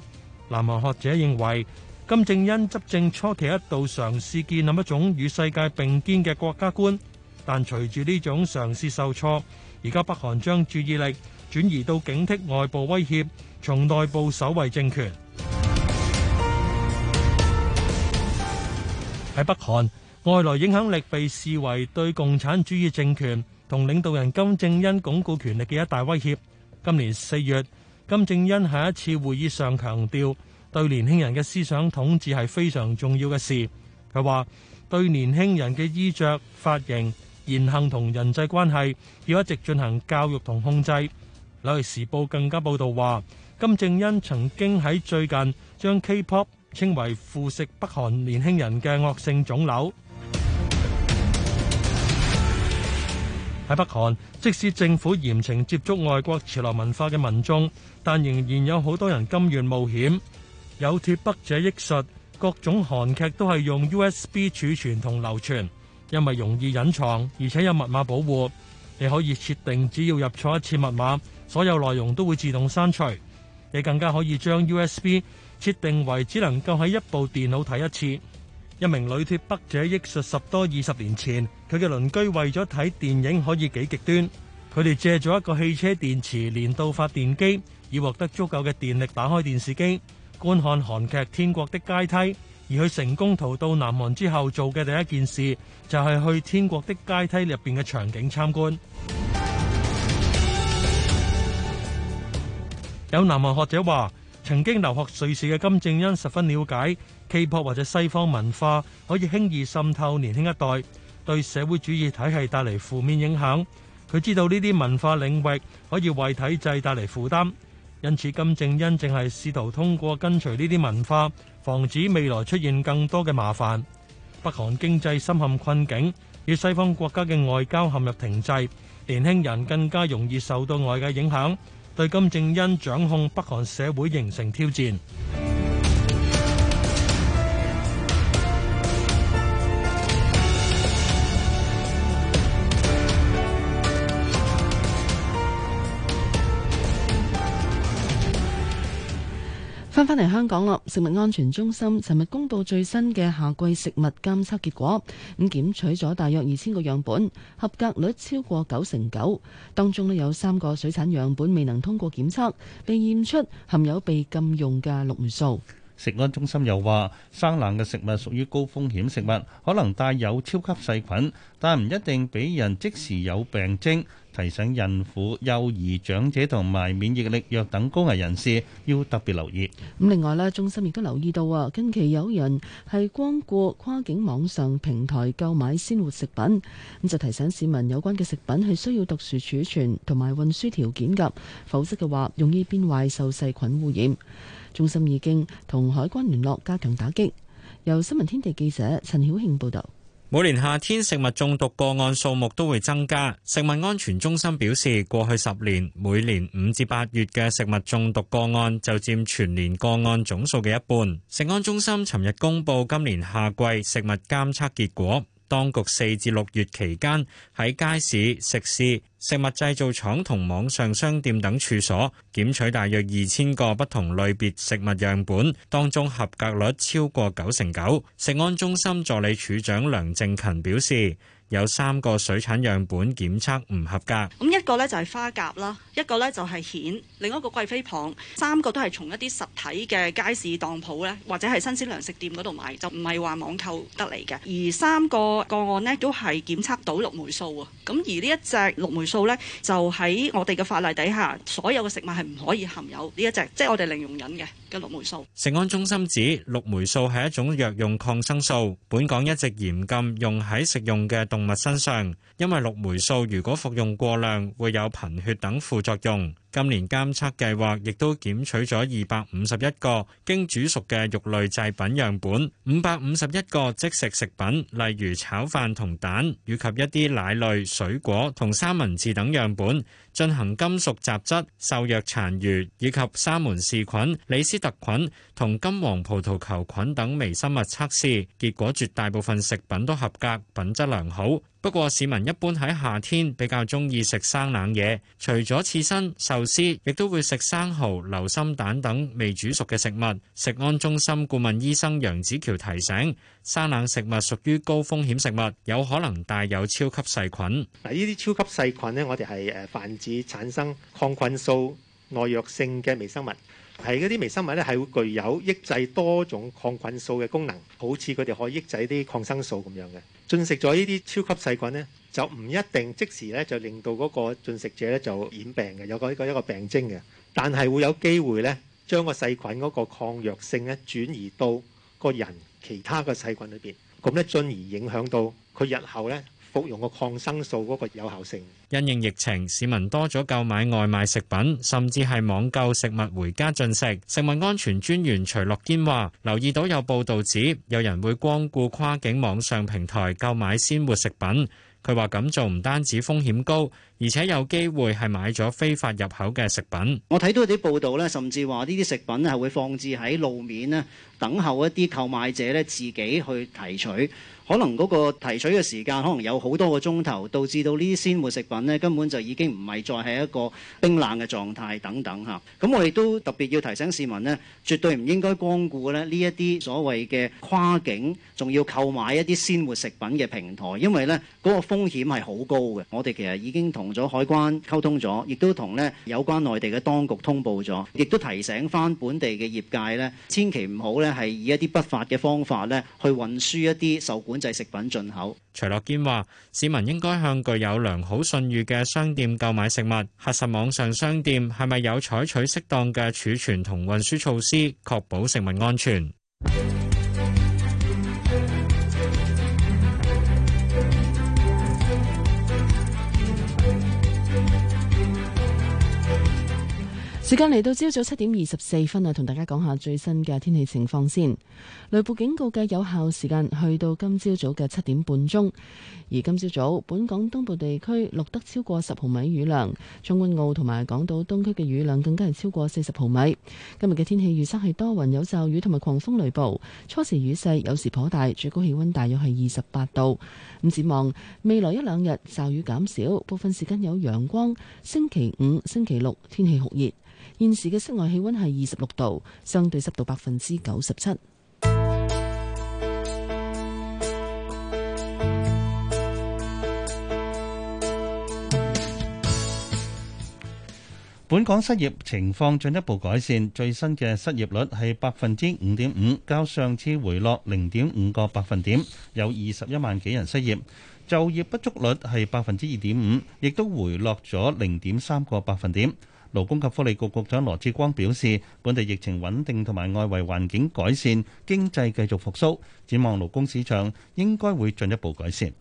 南韓學者認為，金正恩執政初期一度嘗試建立一種與世界並肩嘅國家觀，但隨住呢種嘗試受挫，而家北韓將注意力。轉移到警惕外部威脅，從內部守衞政權。喺 北韓，外來影響力被視為對共產主義政權同領導人金正恩鞏固權力嘅一大威脅。今年四月，金正恩喺一次會議上強調，對年輕人嘅思想統治係非常重要嘅事。佢話：對年輕人嘅衣着、髮型、言行同人際關係，要一直進行教育同控制。《紐約時報》更加報道話，金正恩曾經喺最近將 K-pop 稱為腐蝕北韓年輕人嘅惡性腫瘤。喺 北韓，即使政府嚴懲接觸外國潮流文化嘅民眾，但仍然有好多人甘願冒險。有脱北者憶述，各種韓劇都係用 USB 儲存同流傳，因為容易隱藏，而且有密碼保護。你可以設定，只要入錯一次密碼，所有內容都會自動刪除，你更加可以將 USB 設定為只能夠喺一部電腦睇一次。一名女脫北者憶述十多二十年前，佢嘅鄰居為咗睇電影可以幾極端，佢哋借咗一個汽車電池連到發電機，以獲得足夠嘅電力打開電視機觀看韓劇《天國的階梯》。而佢成功逃到南韓之後做嘅第一件事，就係、是、去《天國的階梯》入邊嘅場景參觀。有南韓學者話：曾經留學瑞士嘅金正恩十分了解，K-pop 或者西方文化可以輕易滲透年輕一代，對社會主義體系帶嚟負面影響。佢知道呢啲文化領域可以為體制帶嚟負擔，因此金正恩正係試圖通過跟隨呢啲文化，防止未來出現更多嘅麻煩。北韓經濟深陷困境，與西方國家嘅外交陷入停滯，年輕人更加容易受到外界影響。對金正恩掌控北韓社會形成挑戰。翻翻嚟香港咯！食物安全中心尋日公布最新嘅夏季食物監測結果，咁檢取咗大約二千個樣本，合格率超過九成九。當中咧有三個水產樣本未能通過檢測，被驗出含有被禁用嘅氯霉素。食安中心又話生冷嘅食物屬於高風險食物，可能帶有超級細菌，但唔一定俾人即時有病徵。提醒孕婦、幼兒、長者同埋免疫力弱等高危人士要特別留意。咁另外咧，中心亦都留意到啊，近期有人係光顧跨境網上平台購買鮮活食品，咁就提醒市民有關嘅食品係需要特殊儲存同埋運輸條件㗎，否則嘅話容易變壞受細菌污染。中心已經同海關聯絡加強打擊。由新聞天地記者陳曉慶報導。每年夏天食物中毒個案數目都會增加，食物安全中心表示，過去十年每年五至八月嘅食物中毒個案就佔全年個案總數嘅一半。食安中心尋日公布今年夏季食物監測結果。當局四至六月期間，喺街市、食肆、食物製造廠同網上商店等處所檢取大約二千個不同類別食物樣本，當中合格率超過九成九。食安中心助理處長梁正勤表示，有三個水產樣本檢測唔合格，咁一個咧就係花甲啦，一個咧就係蜆，另外一個貴妃蚌，三個都係從一啲實體嘅街市檔鋪咧，或者係新鮮糧食店嗰度買，就唔係話網購得嚟嘅。而三個個案咧都係檢測到氯黴素啊，咁而呢一隻氯黴素咧就喺我哋嘅法例底下，所有嘅食物係唔可以含有呢一隻，即係我哋零容忍嘅嘅氯黴素。食安中心指氯黴素係一種藥用抗生素，本港一直嚴禁用喺食用嘅動動物身上，因為氯黴素如果服用過量，會有貧血等副作用。今年監測計劃亦都檢取咗二百五十一個經煮熟嘅肉類製品樣本，五百五十一個即食食品，例如炒飯同蛋，以及一啲奶類、水果同三文治等樣本，進行金屬雜質、獸藥殘餘以及沙門氏菌、李斯特菌同金黃葡萄球菌等微生物測試，結果絕大部分食品都合格，品質良好。不過市民一般喺夏天比較中意食生冷嘢，除咗刺身、壽司，亦都會食生蠔、流心蛋等未煮熟嘅食物。食安中心顧問醫生楊子橋提醒，生冷食物屬於高風險食物，有可能帶有超級細菌。嗱，呢啲超級細菌呢，我哋係誒泛指產生抗菌素耐藥性嘅微生物。係嗰啲微生物咧，係會具有抑制多種抗菌素嘅功能，好似佢哋可以抑制啲抗生素咁樣嘅。進食咗呢啲超級細菌呢，就唔一定即時呢，就令到嗰個進食者呢就染病嘅，有個一個一個病徵嘅。但係會有機會呢，將個細菌嗰個抗藥性呢轉移到個人其他嘅細菌裏邊，咁呢，進而影響到佢日後呢。服用個抗生素嗰個有效性。因應疫情，市民多咗購買外賣食品，甚至係網購食物回家進食。食物安全專員徐樂堅話，留意到有報道指有人會光顧跨境網上平台購買鮮活食品。佢話咁做唔單止風險高，而且有機會係買咗非法入口嘅食品。我睇到啲報道咧，甚至話呢啲食品係會放置喺路面咧，等候一啲購買者咧自己去提取。可能嗰個提取嘅時間可能有好多個鐘頭，導致到呢啲鮮活食品咧根本就已經唔係再係一個冰冷嘅狀態等等吓，咁、啊、我哋都特別要提醒市民咧，絕對唔應該光顧咧呢一啲所謂嘅跨境，仲要購買一啲鮮活食品嘅平台，因為咧嗰、個風險係好高嘅。我哋其實已經同咗海關溝通咗，亦都同咧有關內地嘅當局通報咗，亦都提醒翻本地嘅業界咧，千祈唔好咧係以一啲不法嘅方法咧去運輸一啲受管。制食品進口，徐樂堅話：市民應該向具有良好信譽嘅商店購買食物，核實網上商店係咪有採取適當嘅儲存同運輸措施，確保食物安全。時間嚟到朝早七點二十四分啊，同大家講下最新嘅天氣情況先。雷暴警告嘅有效時間去到今朝早嘅七點半鐘。而今朝早，早，本港東部地區錄得超過十毫米雨量，將軍澳同埋港島東區嘅雨量更加係超過四十毫米。今日嘅天氣預測係多雲有驟雨同埋狂風雷暴，初時雨勢有時頗大，最高氣溫大約係二十八度。咁展望未來一兩日驟雨減少，部分時間有陽光。星期五、星期六天氣酷熱。現時嘅室外氣溫係二十六度，相對濕度百分之九十七。本港失業情況進一步改善，最新嘅失業率係百分之五點五，較上次回落零點五個百分點，有二十一萬幾人失業。就業不足率係百分之二點五，亦都回落咗零點三個百分點。勞工及福利局局長羅志光表示，本地疫情穩定同埋外圍環境改善，經濟繼續復甦，展望勞工市場應該會進一步改善。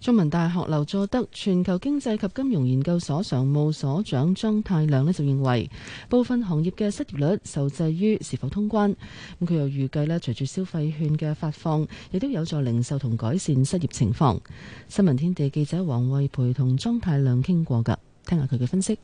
中文大學劉佐德全球經濟及金融研究所常務所長莊太量呢就認為，部分行業嘅失業率受制於是否通關。咁佢又預計呢，隨住消費券嘅發放，亦都有助零售同改善失業情況。新聞天地記者王惠培同莊太量傾過㗎，聽下佢嘅分析。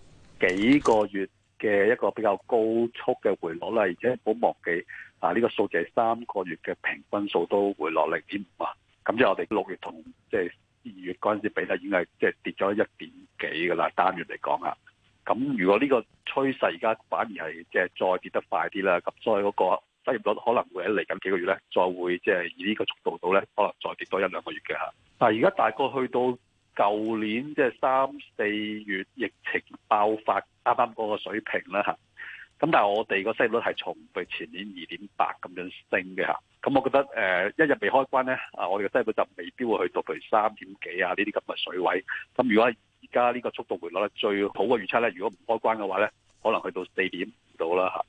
幾個月嘅一個比較高速嘅回落啦，而且唔好忘記啊，呢個數字係三個月嘅平均數都回落零點五啊。咁即係我哋六月同即係二月嗰陣時比咧，已經係即係跌咗一點幾㗎啦。單月嚟講啊，咁如果呢個趨勢而家反而係即係再跌得快啲啦，咁所以嗰個失業率可能會喺嚟緊幾個月咧，再會即係以呢個速度度咧，可能再跌多一兩個月嘅嚇。但係而家大概去到。舊年即係三四月疫情爆發啱啱嗰個水平啦吓，咁但係我哋個失，失業率係從佢前年二點八咁樣升嘅吓，咁我覺得誒，一日未開關咧，啊我哋嘅失，失業率就未必會去到譬如三點幾啊呢啲咁嘅水位，咁如果而家呢個速度回落咧，最好嘅預測咧，如果唔開關嘅話咧，可能去到四點到啦吓。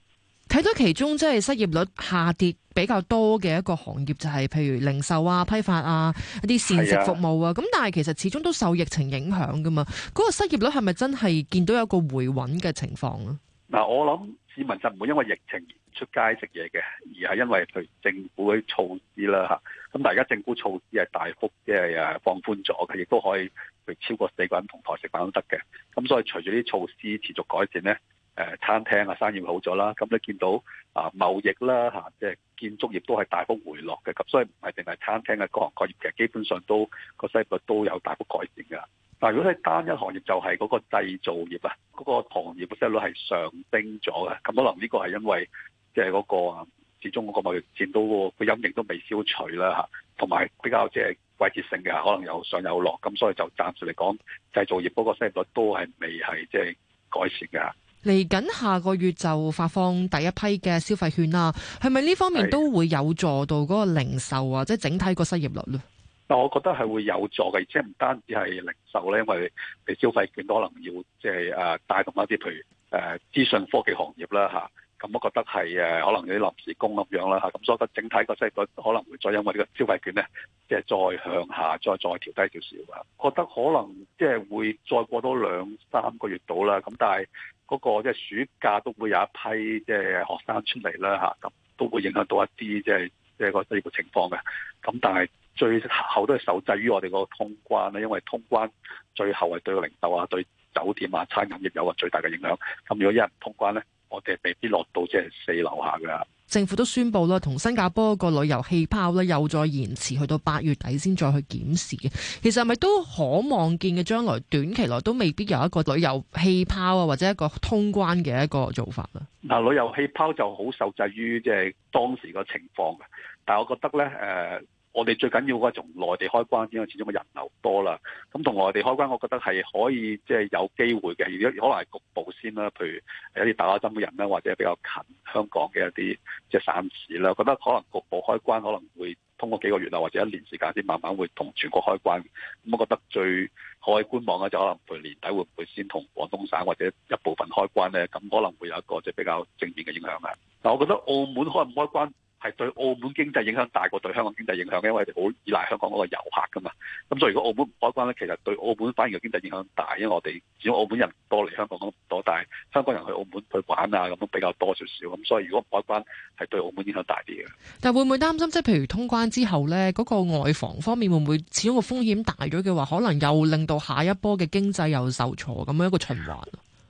睇到其中即係失業率下跌比較多嘅一個行業，就係、是、譬如零售啊、批發啊一啲膳食服務啊，咁是的 但係其實始終都受疫情影響噶嘛。嗰、那個失業率係咪真係見到有個回穩嘅情況啊？嗱，我諗市民就唔會因為疫情而出街食嘢嘅，而係因為對政府啲措施啦吓，咁大家政府措施係大幅即係誒放寬咗，佢亦都可以佢超過四個人同台食飯都得嘅。咁所以隨住啲措施持續改善咧。誒餐廳啊，生意好咗啦，咁你見到啊貿易啦嚇，即係建築業都係大幅回落嘅，咁所以唔係淨係餐廳嘅各行各業，其實基本上都個失業率都有大幅改善嘅。但係，如果係單一行業就係嗰個製造業啊，嗰、嗰個行業嘅失業率係上升咗嘅，咁可能呢個係因為即係嗰個啊，始終嗰個貿易戰都個陰影都未消除啦嚇，同埋比較即係季節性嘅，可能有上有落，咁所以就暫時嚟講，製造業嗰個失業率都係未係即係改善嘅。嚟緊下個月就發放第一批嘅消費券啦，係咪呢方面都會有助到嗰個零售啊？即係整體個失業率咧？但我覺得係會有助嘅，而且唔單止係零售咧，因為你消費券都可能要即係誒帶動一啲，譬如誒、呃、資訊科技行業啦嚇。咁我覺得係誒可能有啲臨時工咁樣啦嚇。咁所以覺得整體個失業率可能會再因為呢個消費券咧，即係再向下再再調低少少啊。覺得可能即係會再過多兩三個月到啦。咁但係。嗰個即係暑假都會有一批即係學生出嚟啦嚇，咁都會影響到一啲即係即係個生活情況嘅。咁但係最後都係受制於我哋個通關啦，因為通關最後係對個零售啊、對酒店啊、餐飲亦有個最大嘅影響。咁如果一人通關咧，我哋係未必落到即係四樓下㗎。政府都宣布啦，同新加坡個旅遊氣泡咧又再延遲去到八月底先再去檢視嘅。其實，係咪都可望見嘅？將來短期內都未必有一個旅遊氣泡啊，或者一個通關嘅一個做法啊，嗱，旅遊氣泡就好受制於即係當時個情況嘅，但係我覺得咧，誒、呃。我哋最緊要嘅從內地開關，因為始終嘅人流多啦。咁同內地開關，我覺得係可以即係、就是、有機會嘅。如果可能係局部先啦，譬如有啲打、打針嘅人啦，或者比較近香港嘅一啲即係省市啦，覺得可能局部開關可能會通過幾個月啊，或者一年時間先慢慢會同全國開關。咁我覺得最可以觀望嘅就可能佢年底會唔會、會先同廣東省或者一部分開關咧？咁可能會有一個即係比較正面嘅影響嘅。但我覺得澳門開唔開關，係對澳門經濟影響大過對香港經濟影響，因為我哋好依賴香港嗰個遊客噶嘛。咁所以如果澳門開關關咧，其實對澳門反而個經濟影響大，因為我哋始終澳門人多嚟香港都多，但係香港人去澳門去玩啊咁都比較多少少。咁所以如果唔關關係對澳門影響大啲嘅，但會唔會擔心即係譬如通關之後咧，嗰、那個外防方面會唔會始終個風險大咗嘅話，可能又令到下一波嘅經濟又受挫咁樣一個循環？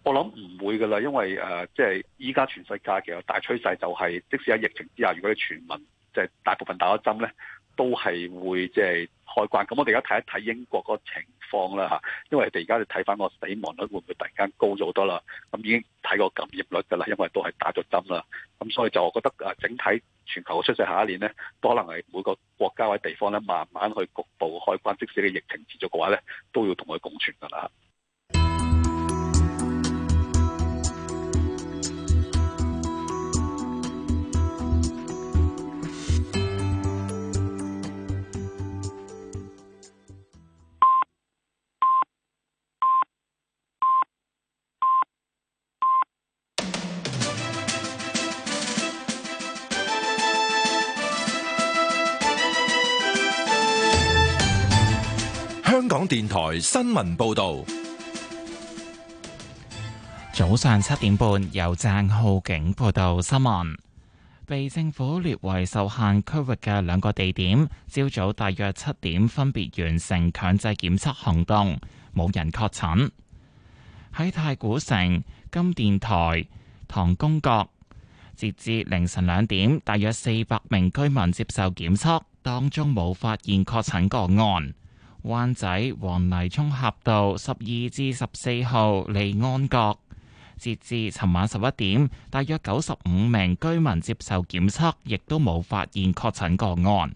我諗唔會噶啦，因為誒，即係依家全世界其實大趨勢就係，即使喺疫情之下，如果你全民即係大部分打咗針咧，都係會即係開關。咁我哋而家睇一睇英國嗰個情況啦吓，因為我哋而家要睇翻個死亡率會唔會突然間高咗好多啦？咁已經睇過感染率噶啦，因為都係打咗針啦。咁所以就我覺得誒，整體全球嘅趨勢下一年咧，都可能係每個國家或者地方咧，慢慢去局部開關，即使你疫情持續嘅話咧，都要同佢共存噶啦。港電台新聞報道，早上七點半由鄭浩景報道新聞。被政府列為受限區域嘅兩個地點，朝早大約七點分別完成強制檢測行動，冇人確診。喺太古城、金殿台、唐宮閣，截至凌晨兩點，大約四百名居民接受檢測，當中冇發現確診個案。灣仔黃泥涌峽道十二至十四號利安閣，截至尋晚十一點，大約九十五名居民接受檢測，亦都冇發現確診個案。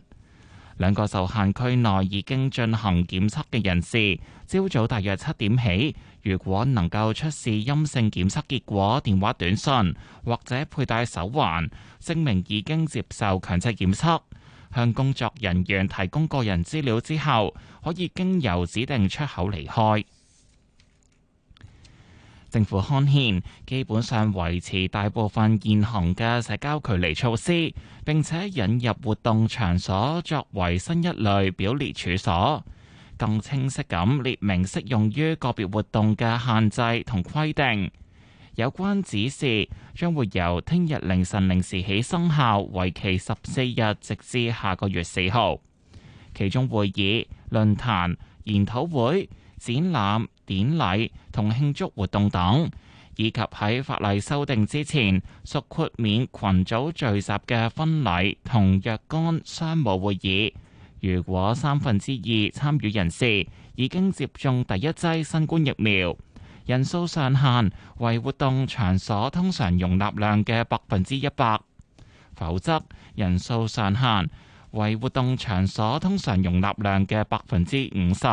兩個受限區內已經進行檢測嘅人士，朝早大約七點起，如果能夠出示陰性檢測結果，電話短信或者佩戴手環，證明已經接受強制檢測。向工作人員提供個人資料之後，可以經由指定出口離開。政府刊憲，基本上維持大部分現行嘅社交距離措施，並且引入活動場所作為新一類表列處所，更清晰咁列明適用於個別活動嘅限制同規定。有關指示將會由聽日凌晨零時起生效，為期十四日，直至下個月四號。其中會議、論壇、研討會、展覽、典禮同慶祝活動等，以及喺法例修訂之前，屬豁免群組聚集嘅婚禮同若干商務會議，如果三分之二參與人士已經接種第一劑新冠疫苗，人數上限為活動場所通常容納量嘅百分之一百，否則人數上限為活動場所通常容納量嘅百分之五十。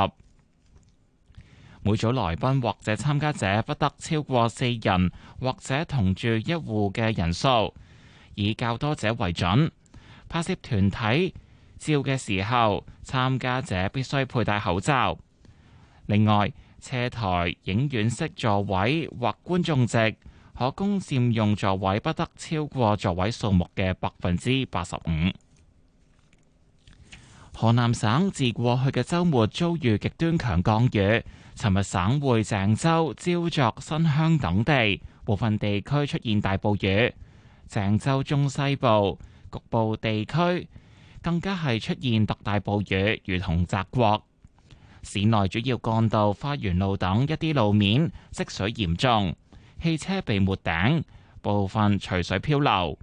每組來賓或者參加者不得超過四人或者同住一戶嘅人數，以較多者為準。拍攝團體照嘅時候，參加者必須佩戴口罩。另外，車台、影院式座位或觀眾席，可供佔用座位不得超過座位數目嘅百分之八十五。河南省自過去嘅周末遭遇極端強降雨，尋日省會鄭州、焦作、新鄉等地部分地區出現大暴雨，鄭州中西部局部地區更加係出現特大暴雨，如同澤國。市內主要幹道、花園路等一啲路面積水嚴重，汽車被沒頂，部分隨水漂流；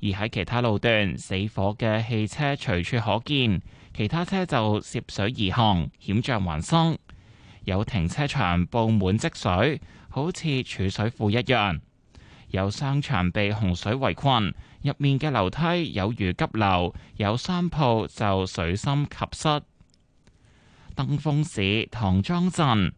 而喺其他路段，死火嘅汽車隨處可見，其他車就涉水而行，險象環生。有停車場布滿積水，好似儲水庫一樣；有商場被洪水圍困，入面嘅樓梯有如急流，有商鋪就水深及膝。登封市唐莊鎮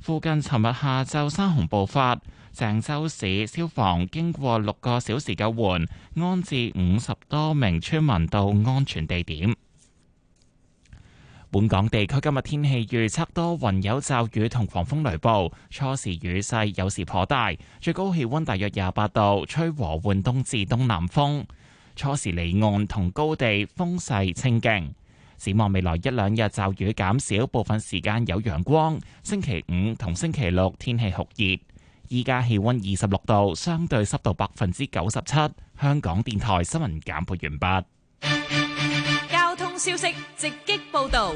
附近，尋日下晝山洪暴發，鄭州市消防經過六個小時救援，安置五十多名村民到安全地點。本港地區今日天氣預測多雲有驟雨同狂風雷暴，初時雨勢有時頗大，最高氣溫大約廿八度，吹和緩東至東南風，初時離岸同高地風勢清勁。展望未來一兩日驟雨減少，部分時間有陽光。星期五同星期六天氣酷熱，依家氣溫二十六度，相對濕度百分之九十七。香港電台新聞簡報完畢。交通消息直擊報道。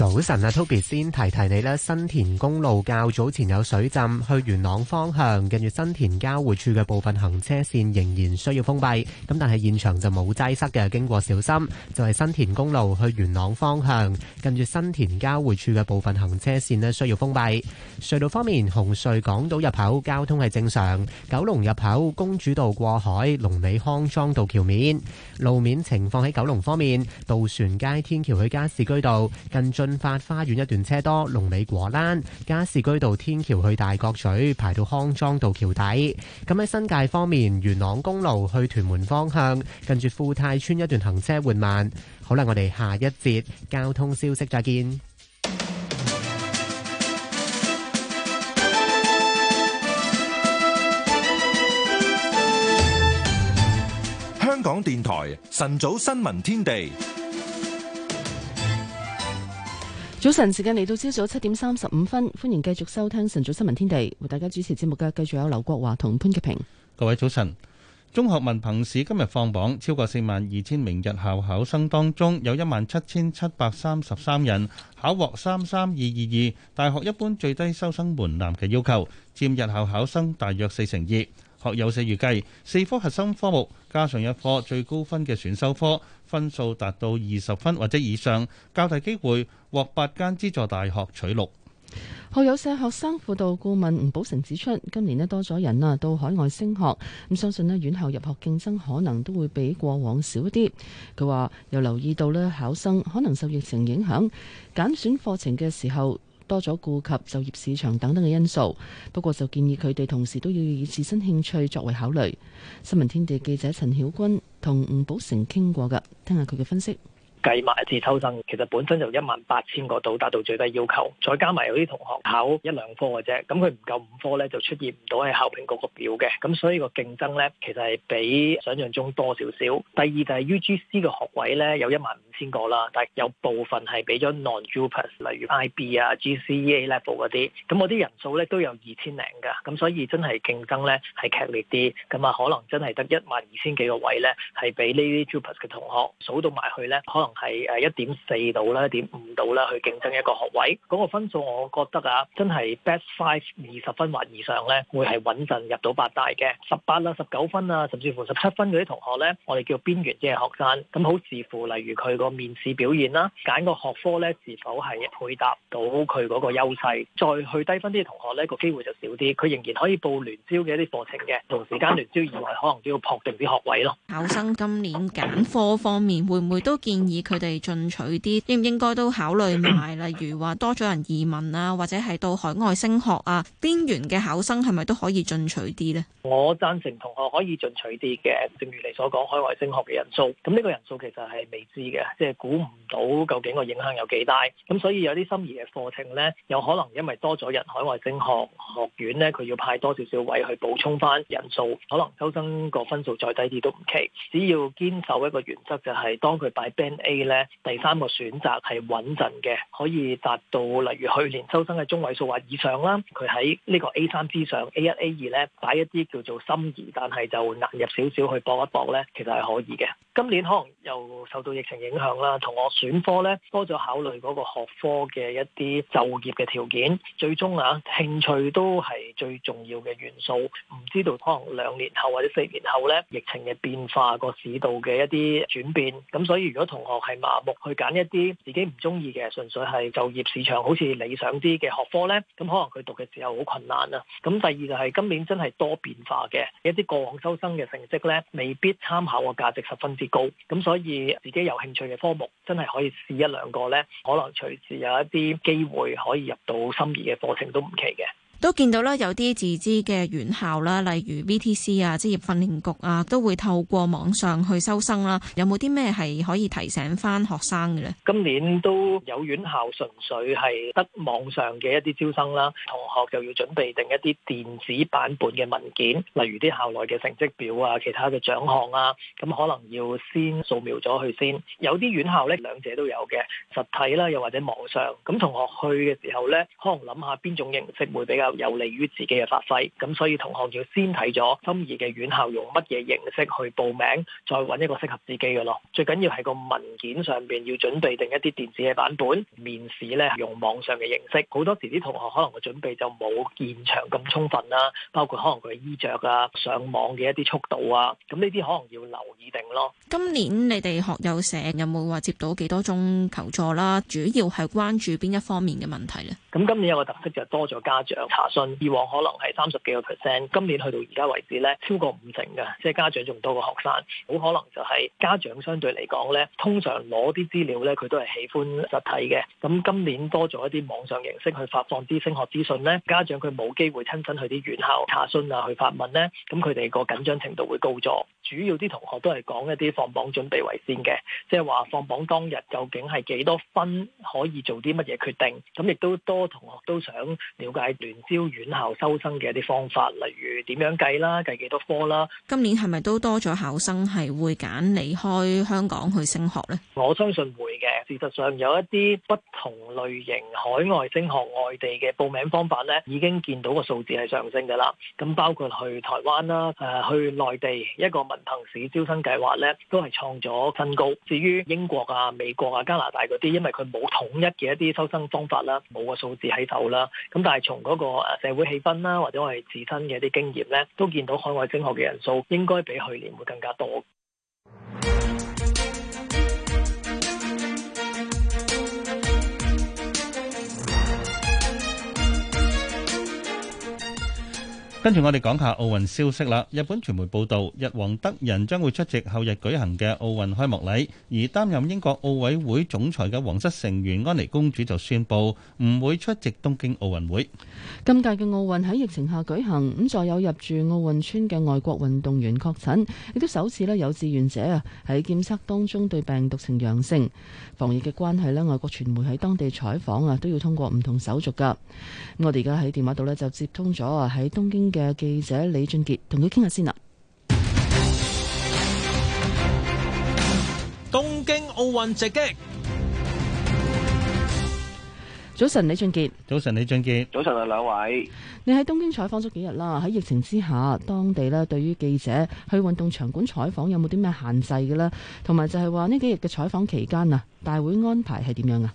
早晨啊，Toby 先提提你咧，新田公路較早前有水浸，去元朗方向近住新田交匯處嘅部分行車線仍然需要封閉。咁但係現場就冇擠塞嘅，經過小心就係、是、新田公路去元朗方向近住新田交匯處嘅部分行車線咧需要封閉。隧道方面，紅隧港島入口交通係正常，九龍入口公主道過海、龍尾康莊道橋面路面情況喺九龍方面，渡船街天橋去加士居道跟進。新發花園一段車多，龍尾果欄，加士居道天橋去大角咀排到康莊道橋底。咁喺新界方面，元朗公路去屯門方向，近住富泰村一段行車緩慢。好啦，我哋下一節交通消息再見。香港電台晨早新聞天地。早晨，時間嚟到朝早七點三十五分，歡迎繼續收聽晨早新聞天地，為大家主持節目嘅繼續有劉國華同潘潔平。各位早晨，中學文憑試今日放榜，超過四萬二千名日校考生當中，有一萬七千七百三十三人考獲三三二二二，大學一般最低收生門檻嘅要求，佔日校考生大約四成二。學友社預計，四科核心科目加上一科最高分嘅選修科，分數達到二十分或者以上，較大機會獲八間資助大學取錄。學友社學生輔導顧問吳寶成指出，今年呢多咗人啊到海外升學，咁相信呢院校入學競爭可能都會比過往少啲。佢話又留意到呢，考生可能受疫情影響，揀選課程嘅時候，多咗顧及就業市場等等嘅因素，不過就建議佢哋同時都要以自身興趣作為考慮。新聞天地記者陳曉君同吳寶成傾過㗎，聽下佢嘅分析。計埋一次抽生，其實本身就一萬八千個度達到最低要求，再加埋有啲同學考一兩科嘅啫，咁佢唔夠五科咧，就出現唔到喺考評局個表嘅。咁所以個競爭咧其實係比想象中多少少。第二就係 UGC 嘅學位咧有一萬五千個啦，但係有部分係俾咗 non-JUPAS，例如 IB 啊、GCE A-level 嗰啲，咁嗰啲人數咧都有二千零㗎，咁所以真係競爭咧係劇烈啲，咁啊可能真係得一萬二千幾個位咧係俾呢啲 JUPAS 嘅同學數到埋去咧，可能。係誒一點四度啦，一點五度啦，去競爭一個學位。嗰個分數我覺得啊，真係 best five 二十分或以上呢，會係穩陣入到八大嘅十八啦，十九分啊，甚至乎十七分嗰啲同學呢，我哋叫邊緣嘅學生，咁好視乎例如佢個面試表現啦，揀個學科呢，是否係配搭到佢嗰個優勢，再去低分啲嘅同學呢，個機會就少啲。佢仍然可以報聯招嘅一啲課程嘅，同時間聯招以外，可能都要搏定啲學位咯。考生今年揀科方面，會唔會都建議？佢哋進取啲，應唔應該都考慮埋？例如話多咗人移民啊，或者係到海外升學啊，邊緣嘅考生係咪都可以進取啲呢？我贊成同學可以進取啲嘅。正如你所講，海外升學嘅人數，咁呢個人數其實係未知嘅，即係估唔到究竟個影響有幾大。咁所以有啲心儀嘅課程呢，有可能因為多咗人海外升學，學院呢，佢要派多少少位去補充翻人數，可能收生個分數再低啲都唔奇。只要堅守一個原則，就是，就係當佢擺 band A A 咧，第三個選擇係穩陣嘅，可以達到例如去年收生嘅中位數或以上啦。佢喺呢個 A 三之上，A, 1, A 2, 一，A 二咧，擺一啲叫做心儀，但係就難入少少去搏一搏咧，其實係可以嘅。今年可能又受到疫情影響啦，同學選科咧，多咗考慮嗰個學科嘅一啲就業嘅條件，最終啊興趣都係最重要嘅元素。唔知道可能兩年後或者四年後咧，疫情嘅變化，個市道嘅一啲轉變，咁所以如果同學，係麻木去揀一啲自己唔中意嘅，純粹係就業市場好似理想啲嘅學科呢。咁可能佢讀嘅時候好困難啊。咁第二就係、是、今年真係多變化嘅，一啲過往收生嘅成績呢未必參考個價值十分之高。咁所以自己有興趣嘅科目，真係可以試一兩個呢，可能隨時有一啲機會可以入到心儀嘅課程都唔奇嘅。都見到啦，有啲自資嘅院校啦，例如 VTC 啊、職業訓練局啊，都會透過網上去收生啦。有冇啲咩係可以提醒翻學生嘅咧？今年都有院校純粹係得網上嘅一啲招生啦，同學就要準備定一啲電子版本嘅文件，例如啲校內嘅成績表啊、其他嘅獎項啊，咁可能要先掃描咗佢先。有啲院校咧，兩者都有嘅實體啦，又或者網上。咁同學去嘅時候咧，可能諗下邊種形式會比較有利於自己嘅發揮，咁所以同學要先睇咗心儀嘅院校，用乜嘢形式去報名，再揾一個適合自己嘅咯。最緊要係個文件上邊要準備定一啲電子嘅版本，面試咧用網上嘅形式。好多時啲同學可能個準備就冇現場咁充分啦，啊，包括可能佢衣着啊、上網嘅一啲速度啊，咁呢啲可能要留意定咯。今年你哋學友社有冇話接到幾多宗求助啦？主要係關注邊一方面嘅問題咧？咁今年有個特色就多咗家長。查詢，以往可能係三十幾個 percent，今年去到而家為止咧，超過五成嘅，即係家長仲多過學生，好可能就係家長相對嚟講咧，通常攞啲資料咧，佢都係喜歡實體嘅。咁今年多咗一啲網上形式去發放啲升學資訊咧，家長佢冇機會親身去啲院校查詢啊，去發問咧，咁佢哋個緊張程度會高咗。主要啲同學都係講一啲放榜準備為先嘅，即係話放榜當日究竟係幾多分可以做啲乜嘢決定？咁亦都多同學都想了解聯招院校收生嘅一啲方法，例如點樣計啦，計幾多科啦。今年係咪都多咗考生係會揀離開香港去升學咧？我相信會嘅。事實上有一啲不同類型海外升學、外地嘅報名方法咧，已經見到個數字係上升㗎啦。咁包括去台灣啦，誒、啊、去內地一個。彭氏招生計劃咧都係創咗新高。至於英國啊、美國啊、加拿大嗰啲，因為佢冇統一嘅一啲收生方法啦，冇個數字喺手啦。咁但係從嗰個社會氣氛啦、啊，或者我哋自身嘅一啲經驗咧，都見到海外升學嘅人數應該比去年會更加多。跟住我哋講下奧運消息啦。日本傳媒報道，日皇德仁將會出席後日舉行嘅奧運開幕禮。而擔任英國奧委會總裁嘅皇室成員安妮公主就宣布唔會出席東京奧運會。咁大嘅奧運喺疫情下舉行，咁再有入住奧運村嘅外國運動員確診，亦都首次咧有志願者啊喺檢測當中對病毒呈陽性。防疫嘅關係咧，外國傳媒喺當地採訪啊都要通過唔同手續噶。我哋而家喺電話度咧就接通咗啊喺東京。嘅記者李俊杰同佢傾下先啦。聊聊東京奧運直擊。早晨，李俊杰。早晨，李俊杰。早晨啊，兩位。你喺東京採訪咗幾日啦？喺疫情之下，當地呢，對於記者去運動場館採訪有冇啲咩限制嘅呢？同埋就係話呢幾日嘅採訪期間啊，大會安排係點樣啊？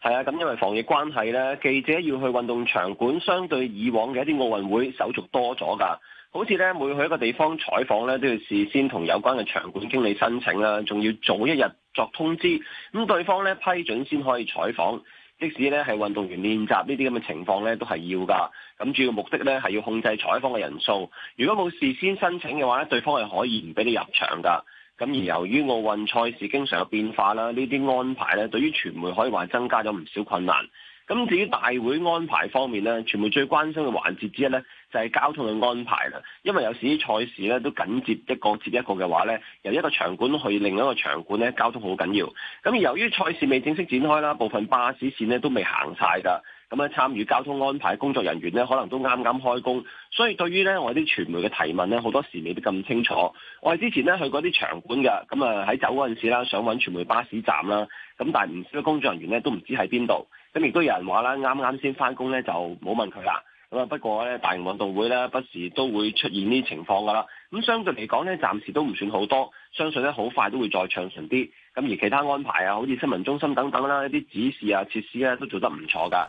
係啊，咁因為防疫關係呢，記者要去運動場館，相對以往嘅一啲奧運會手續多咗噶。好似呢，每去一個地方採訪呢，都要事先同有關嘅場館經理申請啦，仲要早一日作通知，咁對方呢，批准先可以採訪。即使呢係運動員練習呢啲咁嘅情況呢，都係要噶。咁主要目的呢，係要控制採訪嘅人數。如果冇事先申請嘅話呢，對方係可以唔俾你入場噶。咁而由於奧運賽事經常有變化啦，呢啲安排咧對於傳媒可以話增加咗唔少困難。咁至於大會安排方面咧，傳媒最關心嘅環節之一咧，就係交通嘅安排啦。因為有時啲賽事咧都緊接一個接一個嘅話咧，由一個場館去另一個場館咧，交通好緊要。咁而由於賽事未正式展開啦，部分巴士線咧都未行晒㗎。咁咧、嗯、參與交通安排工作人員咧，可能都啱啱開工，所以對於咧我啲傳媒嘅提問咧，好多時未必咁清楚。我係之前咧去嗰啲場館嘅，咁啊喺走嗰陣時啦，想揾傳媒巴士站啦，咁、嗯、但係唔知工作人員咧都唔知喺邊度。咁、嗯、亦都有人話啦，啱啱先翻工咧就冇問佢啦。咁啊不過咧大型運動會咧不時都會出現呢啲情況噶啦。咁、嗯、相對嚟講咧，暫時都唔算好多，相信咧好快都會再暢順啲。咁、嗯、而其他安排啊，好似新聞中心等等啦一啲指示啊設施咧、啊、都做得唔錯噶。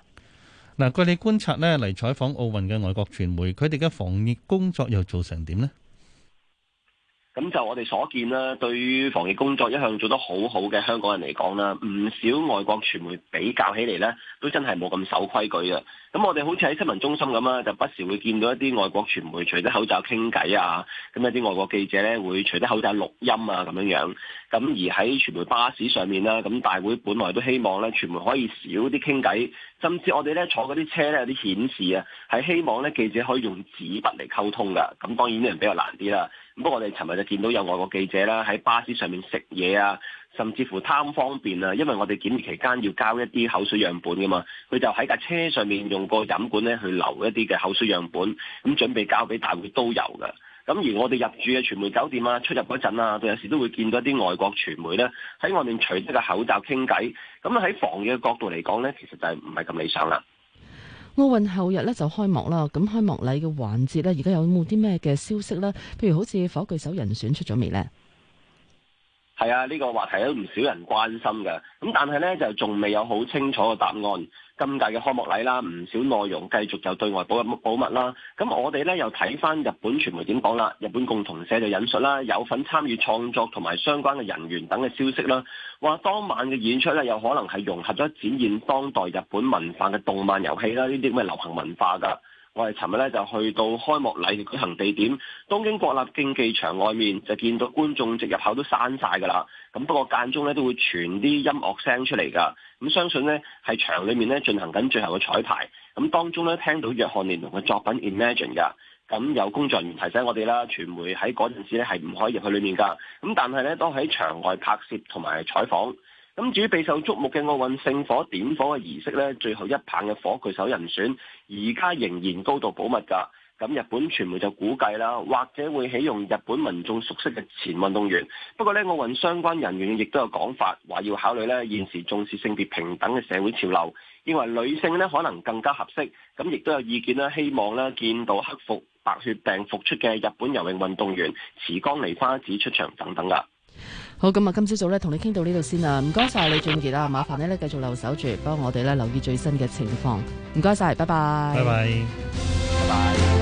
嗱，據你觀察呢，嚟採訪奧運嘅外國傳媒，佢哋嘅防疫工作又做成點呢？咁就我哋所見啦，對於防疫工作一向做得好好嘅香港人嚟講啦，唔少外國傳媒比較起嚟呢都真係冇咁守規矩啊！咁我哋好似喺新聞中心咁啊，就不時會見到一啲外國傳媒除咗口罩傾偈啊，咁一啲外國記者呢會除咗口罩錄音啊，咁樣樣。咁而喺傳媒巴士上面啦，咁大會本來都希望呢傳媒可以少啲傾偈。甚至我哋呢坐嗰啲車呢有啲顯示啊，係希望呢記者可以用紙筆嚟溝通㗎。咁當然啲人比較難啲啦。咁不過我哋尋日就見到有外國記者啦，喺巴士上面食嘢啊，甚至乎貪方便啊，因為我哋檢疫期間要交一啲口水樣本㗎嘛，佢就喺架車上面用個飲管呢去留一啲嘅口水樣本，咁準備交俾大會都有㗎。咁而我哋入住嘅傳媒酒店啊，出入嗰陣啊，就有時都會見到一啲外國傳媒呢，喺外面除咗個口罩傾偈。咁喺防疫嘅角度嚟講呢，其實就係唔係咁理想啦。奧運後日呢，就開幕啦，咁開幕禮嘅環節呢，而家有冇啲咩嘅消息呢？譬如好似火炬手人選出咗未呢？係啊，呢個話題有唔少人關心嘅。咁但係呢，就仲未有好清楚嘅答案。咁大嘅開幕禮啦，唔少內容繼續就對外保保密啦。咁我哋咧又睇翻日本傳媒點講啦，日本共同社就引述啦，有份參與創作同埋相關嘅人員等嘅消息啦，話當晚嘅演出咧有可能係融合咗展現當代日本文化嘅動漫遊戲啦，呢啲咁嘅流行文化噶。我哋尋日咧就去到開幕禮舉行地點，東京國立競技場外面就見到觀眾直入口都閂晒㗎啦。咁不過間中咧都會傳啲音樂聲出嚟㗎。咁、嗯、相信咧係場裏面咧進行緊最後嘅彩排。咁、嗯、當中咧聽到約翰連儂嘅作品 Imagine 㗎。咁、嗯、有工作人員提醒我哋啦，傳媒喺嗰陣時咧係唔可以入去裏面㗎。咁、嗯、但係咧當喺場外拍攝同埋採訪。咁至於備受矚目嘅奧運聖火點火嘅儀式呢，最後一棒嘅火炬手人選，而家仍然高度保密㗎。咁日本傳媒就估計啦，或者會起用日本民眾熟悉嘅前運動員。不過呢，奧運相關人員亦都有講法，話要考慮呢現時重視性別平等嘅社會潮流，認為女性呢可能更加合適。咁亦都有意見啦，希望呢見到克服白血病復出嘅日本游泳運,運動員池江璃花子出場等等㗎。好，咁今朝早呢，同你傾到呢度先啦，唔該晒李俊杰啊，麻煩你呢繼續留守住，幫我哋呢留意最新嘅情況，唔該晒，拜拜，拜拜，拜拜。拜拜。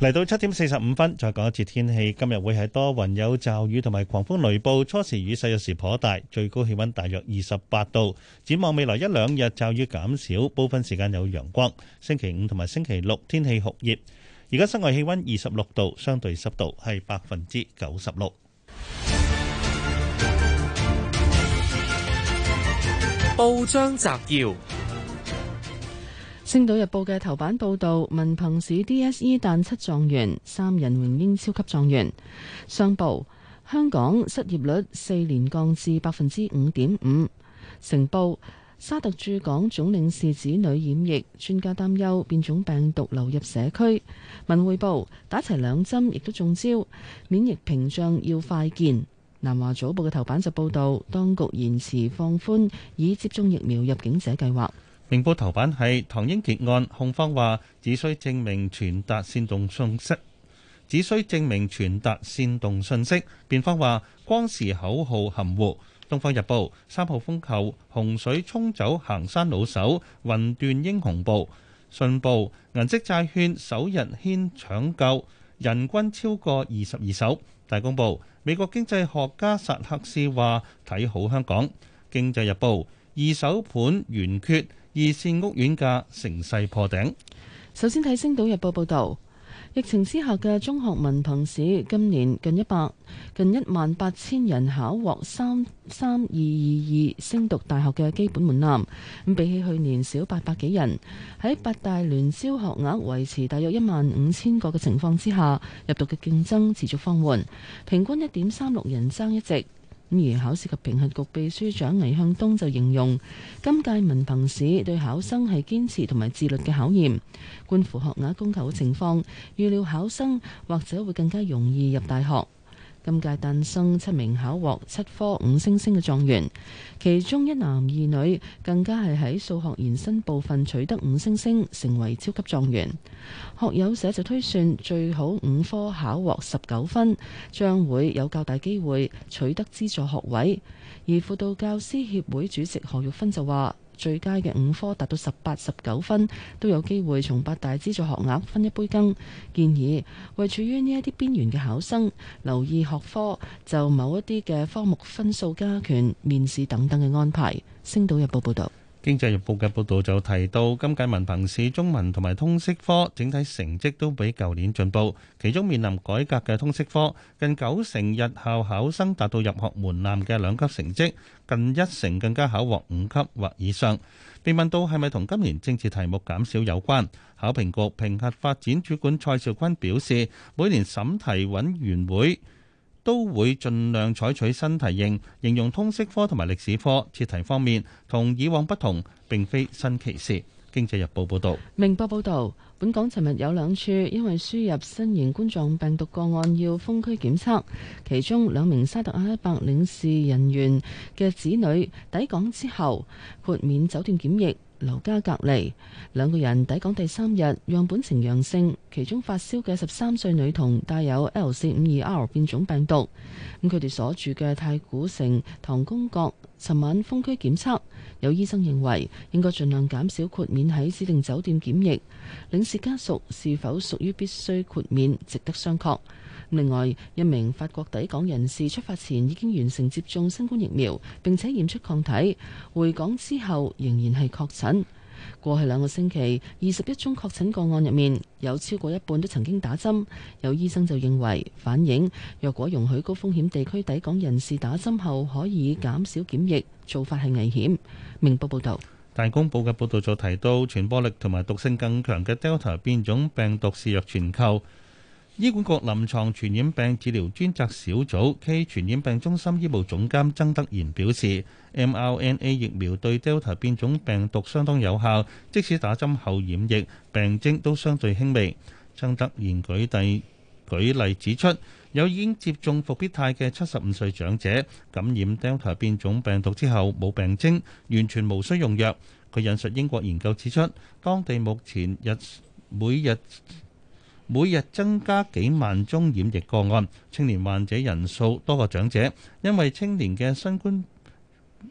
嚟到七點四十五分，再講一次天氣。今日會係多雲有驟雨同埋狂風雷暴，初時雨勢有時頗大，最高氣溫大約二十八度。展望未來一兩日驟雨減少，部分時間有陽光。星期五同埋星期六天氣酷熱。而家室外氣溫二十六度，相對濕度係百分之九十六。報章摘要。《星島日報》嘅頭版報道，文憑試 DSE 誕七狀元，三人榮膺超級狀元。商報：香港失業率四年降至百分之五點五。成報：沙特駐港總領事子女染疫，專家擔憂變種病毒流入社區。文匯報：打齊兩針亦都中招，免疫屏障要快建。南華早報嘅頭版就報道，當局延遲放寬已接種疫苗入境者計劃。明報頭版係唐英傑案，控方話只需證明傳達煽動信息，只需證明傳達煽動信息。辯方話光時口號含糊。《東方日報》三號風球，洪水沖走行山老手，雲斷英雄報。信報銀色債券首日牽搶救，人均超過二十二手。大公報美國經濟學家薩克斯話睇好香港。經濟日報二手盤圓缺。二線屋苑價乘勢破頂。首先睇《星島日報》報道，疫情之下嘅中學文憑試今年近一百近一萬八千人考獲三三二二二升讀大學嘅基本門檻。咁比起去年少八百幾人，喺八大聯招學額維持大約一萬五千個嘅情況之下，入讀嘅競爭持續放緩，平均一點三六人爭一席。咁而考試及評核局秘書長魏向東就形容，今屆文憑試對考生係堅持同埋自律嘅考驗，觀乎學額供求嘅情況，預料考生或者會更加容易入大學。今屆誕生七名考獲七科五星星嘅狀元，其中一男二女，更加係喺數學延伸部分取得五星星，成為超級狀元。學友社就推算，最好五科考獲十九分，將會有較大機會取得資助學位。而輔導教師協會主席何玉芬就話：最佳嘅五科達到十八、十九分都有機會從八大資助學額分一杯羹。建議為處於呢一啲邊緣嘅考生留意學科，就某一啲嘅科目分數加權、面試等等嘅安排。星島日報報道。經濟日報嘅報導就提到，今屆文憑試中文同埋通識科整體成績都比舊年進步，其中面臨改革嘅通識科近九成日校考生達到入學門檻嘅兩級成績，近一成更加考獲五級或以上。被問到係咪同今年政治題目減少有關，考評局評核發展主管蔡兆坤表示，每年審題委員會，都會盡量採取新題型，形容通識科同埋歷史科設題方面同以往不同，並非新奇事。經濟日報報導，明報報導，本港尋日有兩處因為輸入新型冠狀病毒個案要封區檢測，其中兩名沙特阿拉伯領事人員嘅子女抵港之後豁免酒店檢疫。留家隔離兩個人抵港第三日，樣本呈陽性，其中發燒嘅十三歲女童帶有 L 四五二 R 變種病毒。咁佢哋所住嘅太古城唐宮閣，尋晚封區檢測。有醫生認為應該盡量減少豁免喺指定酒店檢疫。領事家屬是否屬於必須豁免，值得商榷。另外，一名法國抵港人士出發前已經完成接種新冠疫苗，並且驗出抗體，回港之後仍然係確診。過去兩個星期，二十一宗確診個案入面，有超過一半都曾經打針。有醫生就認為反映若果容許高風險地區抵港人士打針後可以減少檢疫，做法係危險。明報報道，大公報嘅報道就提到，傳播力同埋毒性更強嘅 Delta 變種病毒肆虐全球。醫管局臨床傳染病治療專責小組 K 傳染病中心醫務總監曾德賢表示，mRNA 疫苗對 Delta 變種病毒相當有效，即使打針後染疫，病徵都相對輕微。曾德賢舉例舉例指出，有已經接種復必泰嘅七十五歲長者感染 Delta 變種病毒之後冇病徵，完全無需用藥。佢引述英國研究指出，當地目前日每日每日增加幾萬宗染疫個案，青年患者人數多過長者，因為青年嘅新冠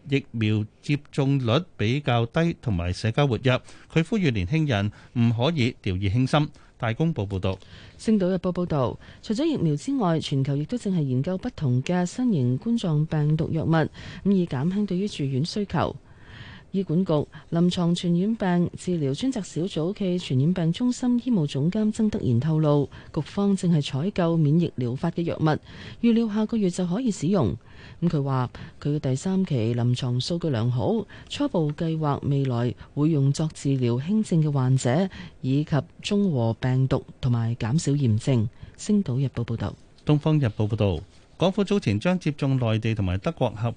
疫苗接種率比較低，同埋社交活躍。佢呼籲年輕人唔可以掉以輕心。大公報報導，星島日報報導，除咗疫苗之外，全球亦都正係研究不同嘅新型冠狀病毒藥物，咁以減輕對於住院需求。醫管局臨床傳染病治療專責小組暨傳染病中心醫務總監曾德賢透露，局方正係採購免疫療法嘅藥物，預料下個月就可以使用。咁佢話佢嘅第三期臨床數據良好，初步計劃未來會用作治療輕症嘅患者，以及中和病毒同埋減少炎症。星島日報報道。東方日報報道，港府早前將接種內地同埋德國合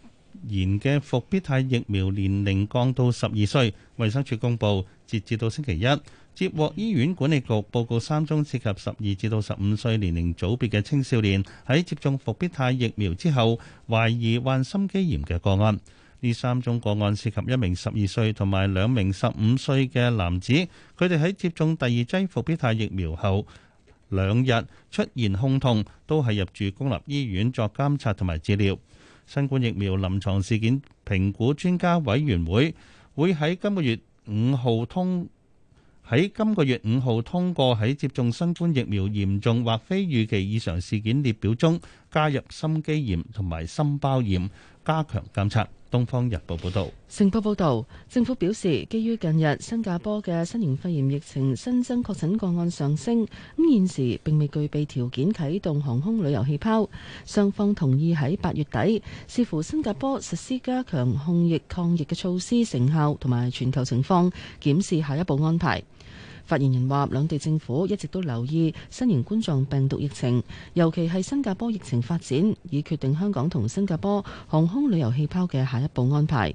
言嘅復必泰疫苗年齡降到十二歲，衛生署公布，截至到星期一，接獲醫院管理局報告三宗涉及十二至到十五歲年齡組別嘅青少年喺接種復必泰疫苗之後，懷疑患心肌炎嘅個案。呢三宗個案涉及一名十二歲同埋兩名十五歲嘅男子，佢哋喺接種第二劑復必泰疫苗後兩日出現胸痛，都係入住公立醫院作監察同埋治療。新冠疫苗臨床事件評估專家委員會會喺今個月五號通喺今個月五號通過喺接種新冠疫苗嚴重或非預期異常事件列表中加入心肌炎同埋心包炎，加強監測。《東方日報》報道，政府表示，基於近日新加坡嘅新型肺炎疫情新增確診個案上升，咁現時並未具備條件啟動航空旅遊氣泡。雙方同意喺八月底，視乎新加坡實施加強控疫抗疫嘅措施成效同埋全球情況，檢視下一步安排。發言人話：兩地政府一直都留意新型冠狀病毒疫情，尤其係新加坡疫情發展，以決定香港同新加坡航空旅遊氣泡嘅下一步安排。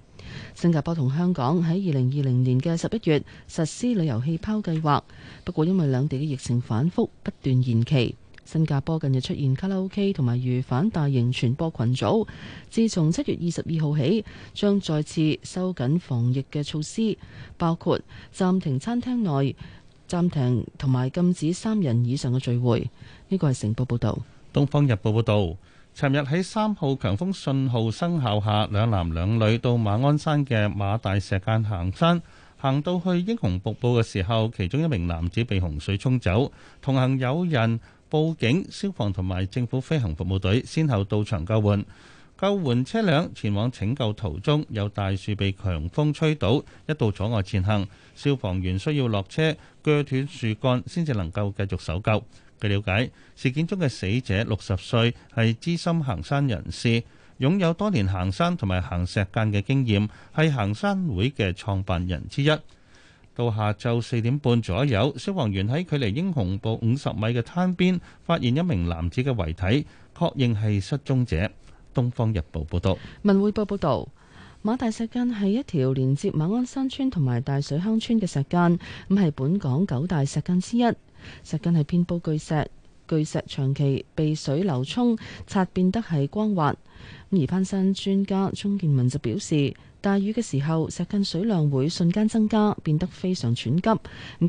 新加坡同香港喺二零二零年嘅十一月實施旅遊氣泡計劃，不過因為兩地嘅疫情反覆不斷延期。新加坡近日出現卡拉 O.K. 同埋漁販大型傳播群組，自從七月二十二號起，將再次收緊防疫嘅措施，包括暫停餐廳內。暫停同埋禁止三人以上嘅聚會，呢個係成報報道。東方日報報道，尋日喺三號強風信號生效下，兩男兩女到馬鞍山嘅馬大石間行山，行到去英雄瀑布嘅時候，其中一名男子被洪水沖走，同行有人報警，消防同埋政府飛行服務隊先後到場救援。救援車輛前往拯救途中，有大樹被強風吹倒，一度阻礙前行。消防員需要落車鋸斷樹幹，先至能夠繼續搜救。據了解，事件中嘅死者六十歲，係資深行山人士，擁有多年行山同埋行石澗嘅經驗，係行山會嘅創辦人之一。到下晝四點半左右，消防員喺距離英雄步五十米嘅灘邊發現一名男子嘅遺體，確認係失蹤者。《東方日報》報導，《文匯報》報導，馬大石澗係一條連接馬鞍山村同埋大水坑村嘅石澗，咁係本港九大石澗之一。石澗係遍布巨石，巨石長期被水流沖刷變得係光滑。而攀山專家鍾建文就表示，大雨嘅時候，石澗水量會瞬間增加，變得非常喘急。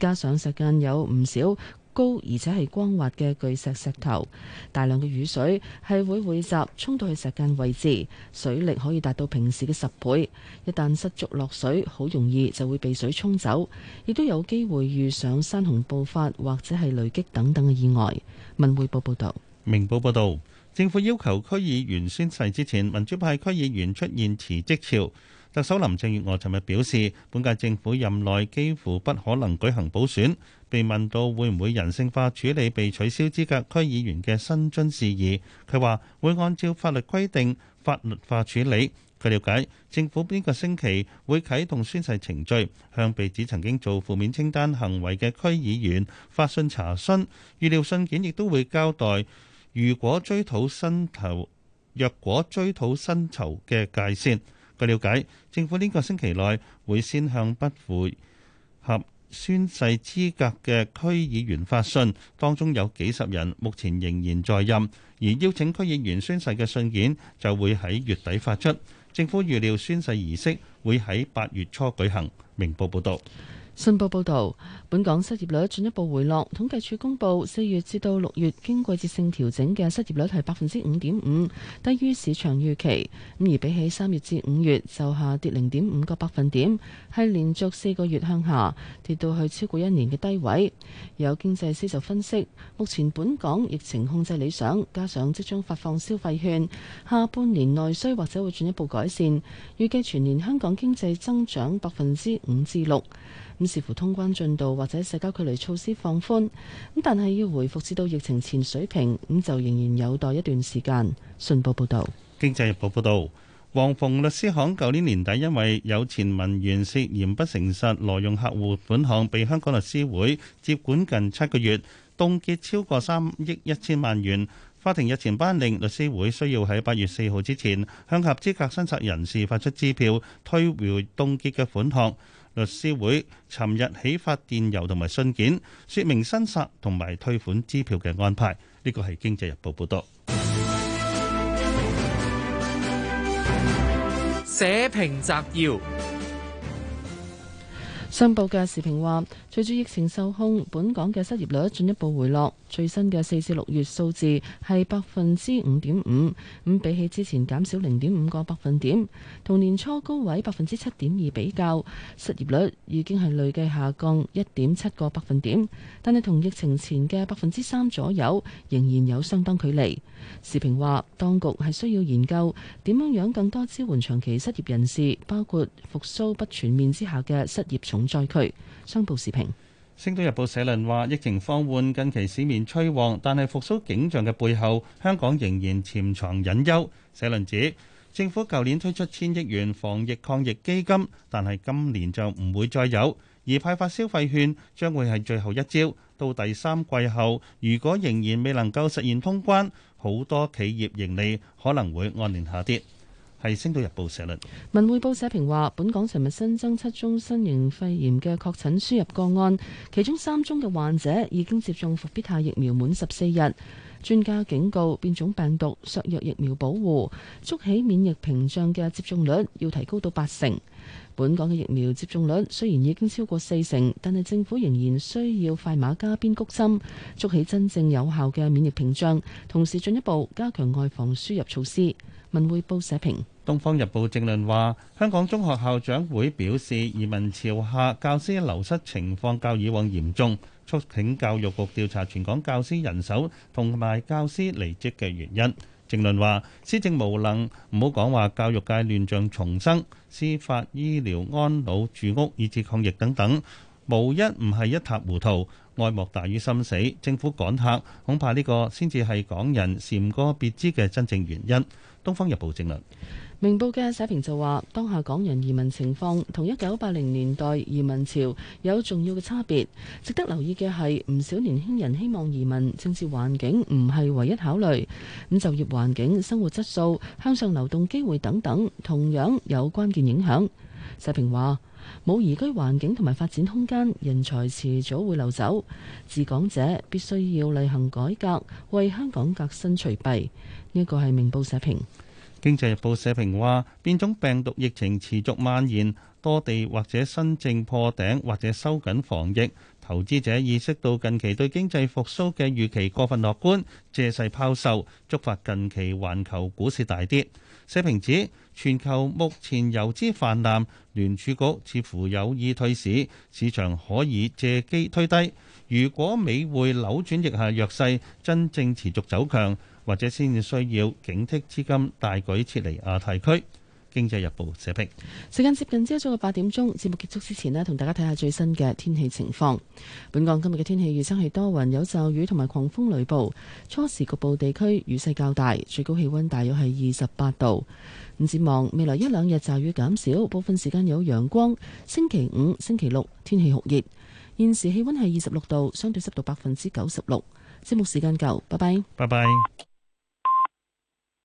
加上石澗有唔少高而且係光滑嘅巨石石頭，大量嘅雨水係會匯集沖到去石澗位置，水力可以達到平時嘅十倍。一旦失足落水，好容易就會被水沖走，亦都有機會遇上山洪爆發或者係雷擊等等嘅意外。文匯報報道，明報報道，政府要求區議員宣誓之前，民主派區議員出現辭職潮。特首林鄭月娥尋日表示，本屆政府任內幾乎不可能舉行補選。被問到會唔會人性化處理被取消資格區議員嘅薪津事宜，佢話會按照法律規定法律化處理。據了解，政府呢個星期會啟動宣誓程序，向被指曾經做負面清單行為嘅區議員發信查詢。預料信件亦都會交代，如果追討薪酬，若果追討薪酬嘅界線。據了解，政府呢個星期內會先向不符合宣誓資格嘅區議員發信，當中有幾十人目前仍然在任，而邀請區議員宣誓嘅信件就會喺月底發出。政府預料宣誓儀式會喺八月初舉行。明報報道。信報報導，本港失業率進一步回落。統計處公布，四月至到六月經季節性調整嘅失業率係百分之五點五，低於市場預期。咁而比起三月至五月就下跌零點五個百分點，係連續四個月向下，跌到去超過一年嘅低位。有經濟師就分析，目前本港疫情控制理想，加上即將發放消費券，下半年內需或者會進一步改善，預計全年香港經濟增長百分之五至六。咁視乎通關進度或者社交距離措施放寬，咁但係要回復至到疫情前水平，咁就仍然有待一段時間。信報報道，《經濟日報》報道，黃鳳律師行舊年年底因為有前文員涉嫌不誠實挪用客戶款項，被香港律師會接管近七個月，凍結超過三億一千萬元。法庭日前頒令，律師會需要喺八月四號之前向合資格申索人士發出支票，退回凍結嘅款項。律師會尋日起發電郵同埋信件，說明申索同埋退款支票嘅安排。呢個係《經濟日報》報道。社評摘要，商報嘅時評話。隨住疫情受控，本港嘅失業率進一步回落。最新嘅四至六月數字係百分之五點五，咁比起之前減少零點五個百分點，同年初高位百分之七點二比較，失業率已經係累計下降一點七個百分點。但係同疫情前嘅百分之三左右，仍然有相當距離。時評話，當局係需要研究點樣樣更多支援長期失業人士，包括復甦不全面之下嘅失業重災區。商報時評。《星島日報》社論話：疫情放緩，近期市面趨旺，但係復甦景象嘅背後，香港仍然潛藏隱憂。社論指，政府舊年推出千億元防疫抗疫基金，但係今年就唔會再有，而派發消費券將會係最後一招。到第三季後，如果仍然未能夠實現通關，好多企業盈利可能會按年下跌。係《星島日報》社論，《文匯報》社評話：本港尋日新增七宗新型肺炎嘅確診輸入個案，其中三宗嘅患者已經接種復必泰疫苗滿十四日。專家警告變種病毒削弱疫苗保護，築起免疫屏障嘅接種率要提高到八成。本港嘅疫苗接種率雖然已經超過四成，但係政府仍然需要快馬加鞭谷針，谷心築起真正有效嘅免疫屏障，同時進一步加強外防輸入措施。文匯報社評，《東方日報》正論話，香港中學校長會表示，移民潮下教師流失情況較以往嚴重，促請教育局調查全港教師人手同埋教師離職嘅原因。正論話，施政無能，唔好講話教育界亂象叢生、司法、醫療、安老、住屋，以至抗疫等等，無一唔係一塌糊塗。哀莫大於心死，政府趕客，恐怕呢個先至係港人蟬過別枝嘅真正原因。《東方日報》正論，明報嘅社評就話：當下港人移民情況同一九八零年代移民潮有重要嘅差別。值得留意嘅係，唔少年輕人希望移民，政治環境唔係唯一考慮。咁就業環境、生活質素、向上流動機會等等，同樣有關鍵影響。社評話：冇宜居環境同埋發展空間，人才遲早會流走。治港者必須要厲行改革，為香港革新除弊。呢個係明報社評，《經濟日報》社評話，變種病毒疫情持續蔓延，多地或者新政破頂，或者收緊防疫。投資者意識到近期對經濟復甦嘅預期過分樂觀，借勢拋售，觸發近期環球股市大跌。社評指，全球目前遊資泛濫，聯儲局似乎有意退市，市場可以借機推低。如果美匯扭轉逆下弱勢，真正持續走強。或者先至需要警惕資金大舉撤離亞太區。經濟日報社評。時間接近朝早嘅八點鐘，節目結束之前呢，同大家睇下最新嘅天氣情況。本港今日嘅天氣預測係多雲有驟雨同埋狂風雷暴，初時局部地區雨勢較大，最高氣溫大約係二十八度。咁展望未來一兩日驟雨減少，部分時間有陽光。星期五、星期六天氣酷熱，現時氣溫係二十六度，相對濕度百分之九十六。節目時間夠，拜拜，拜拜。Bye bye.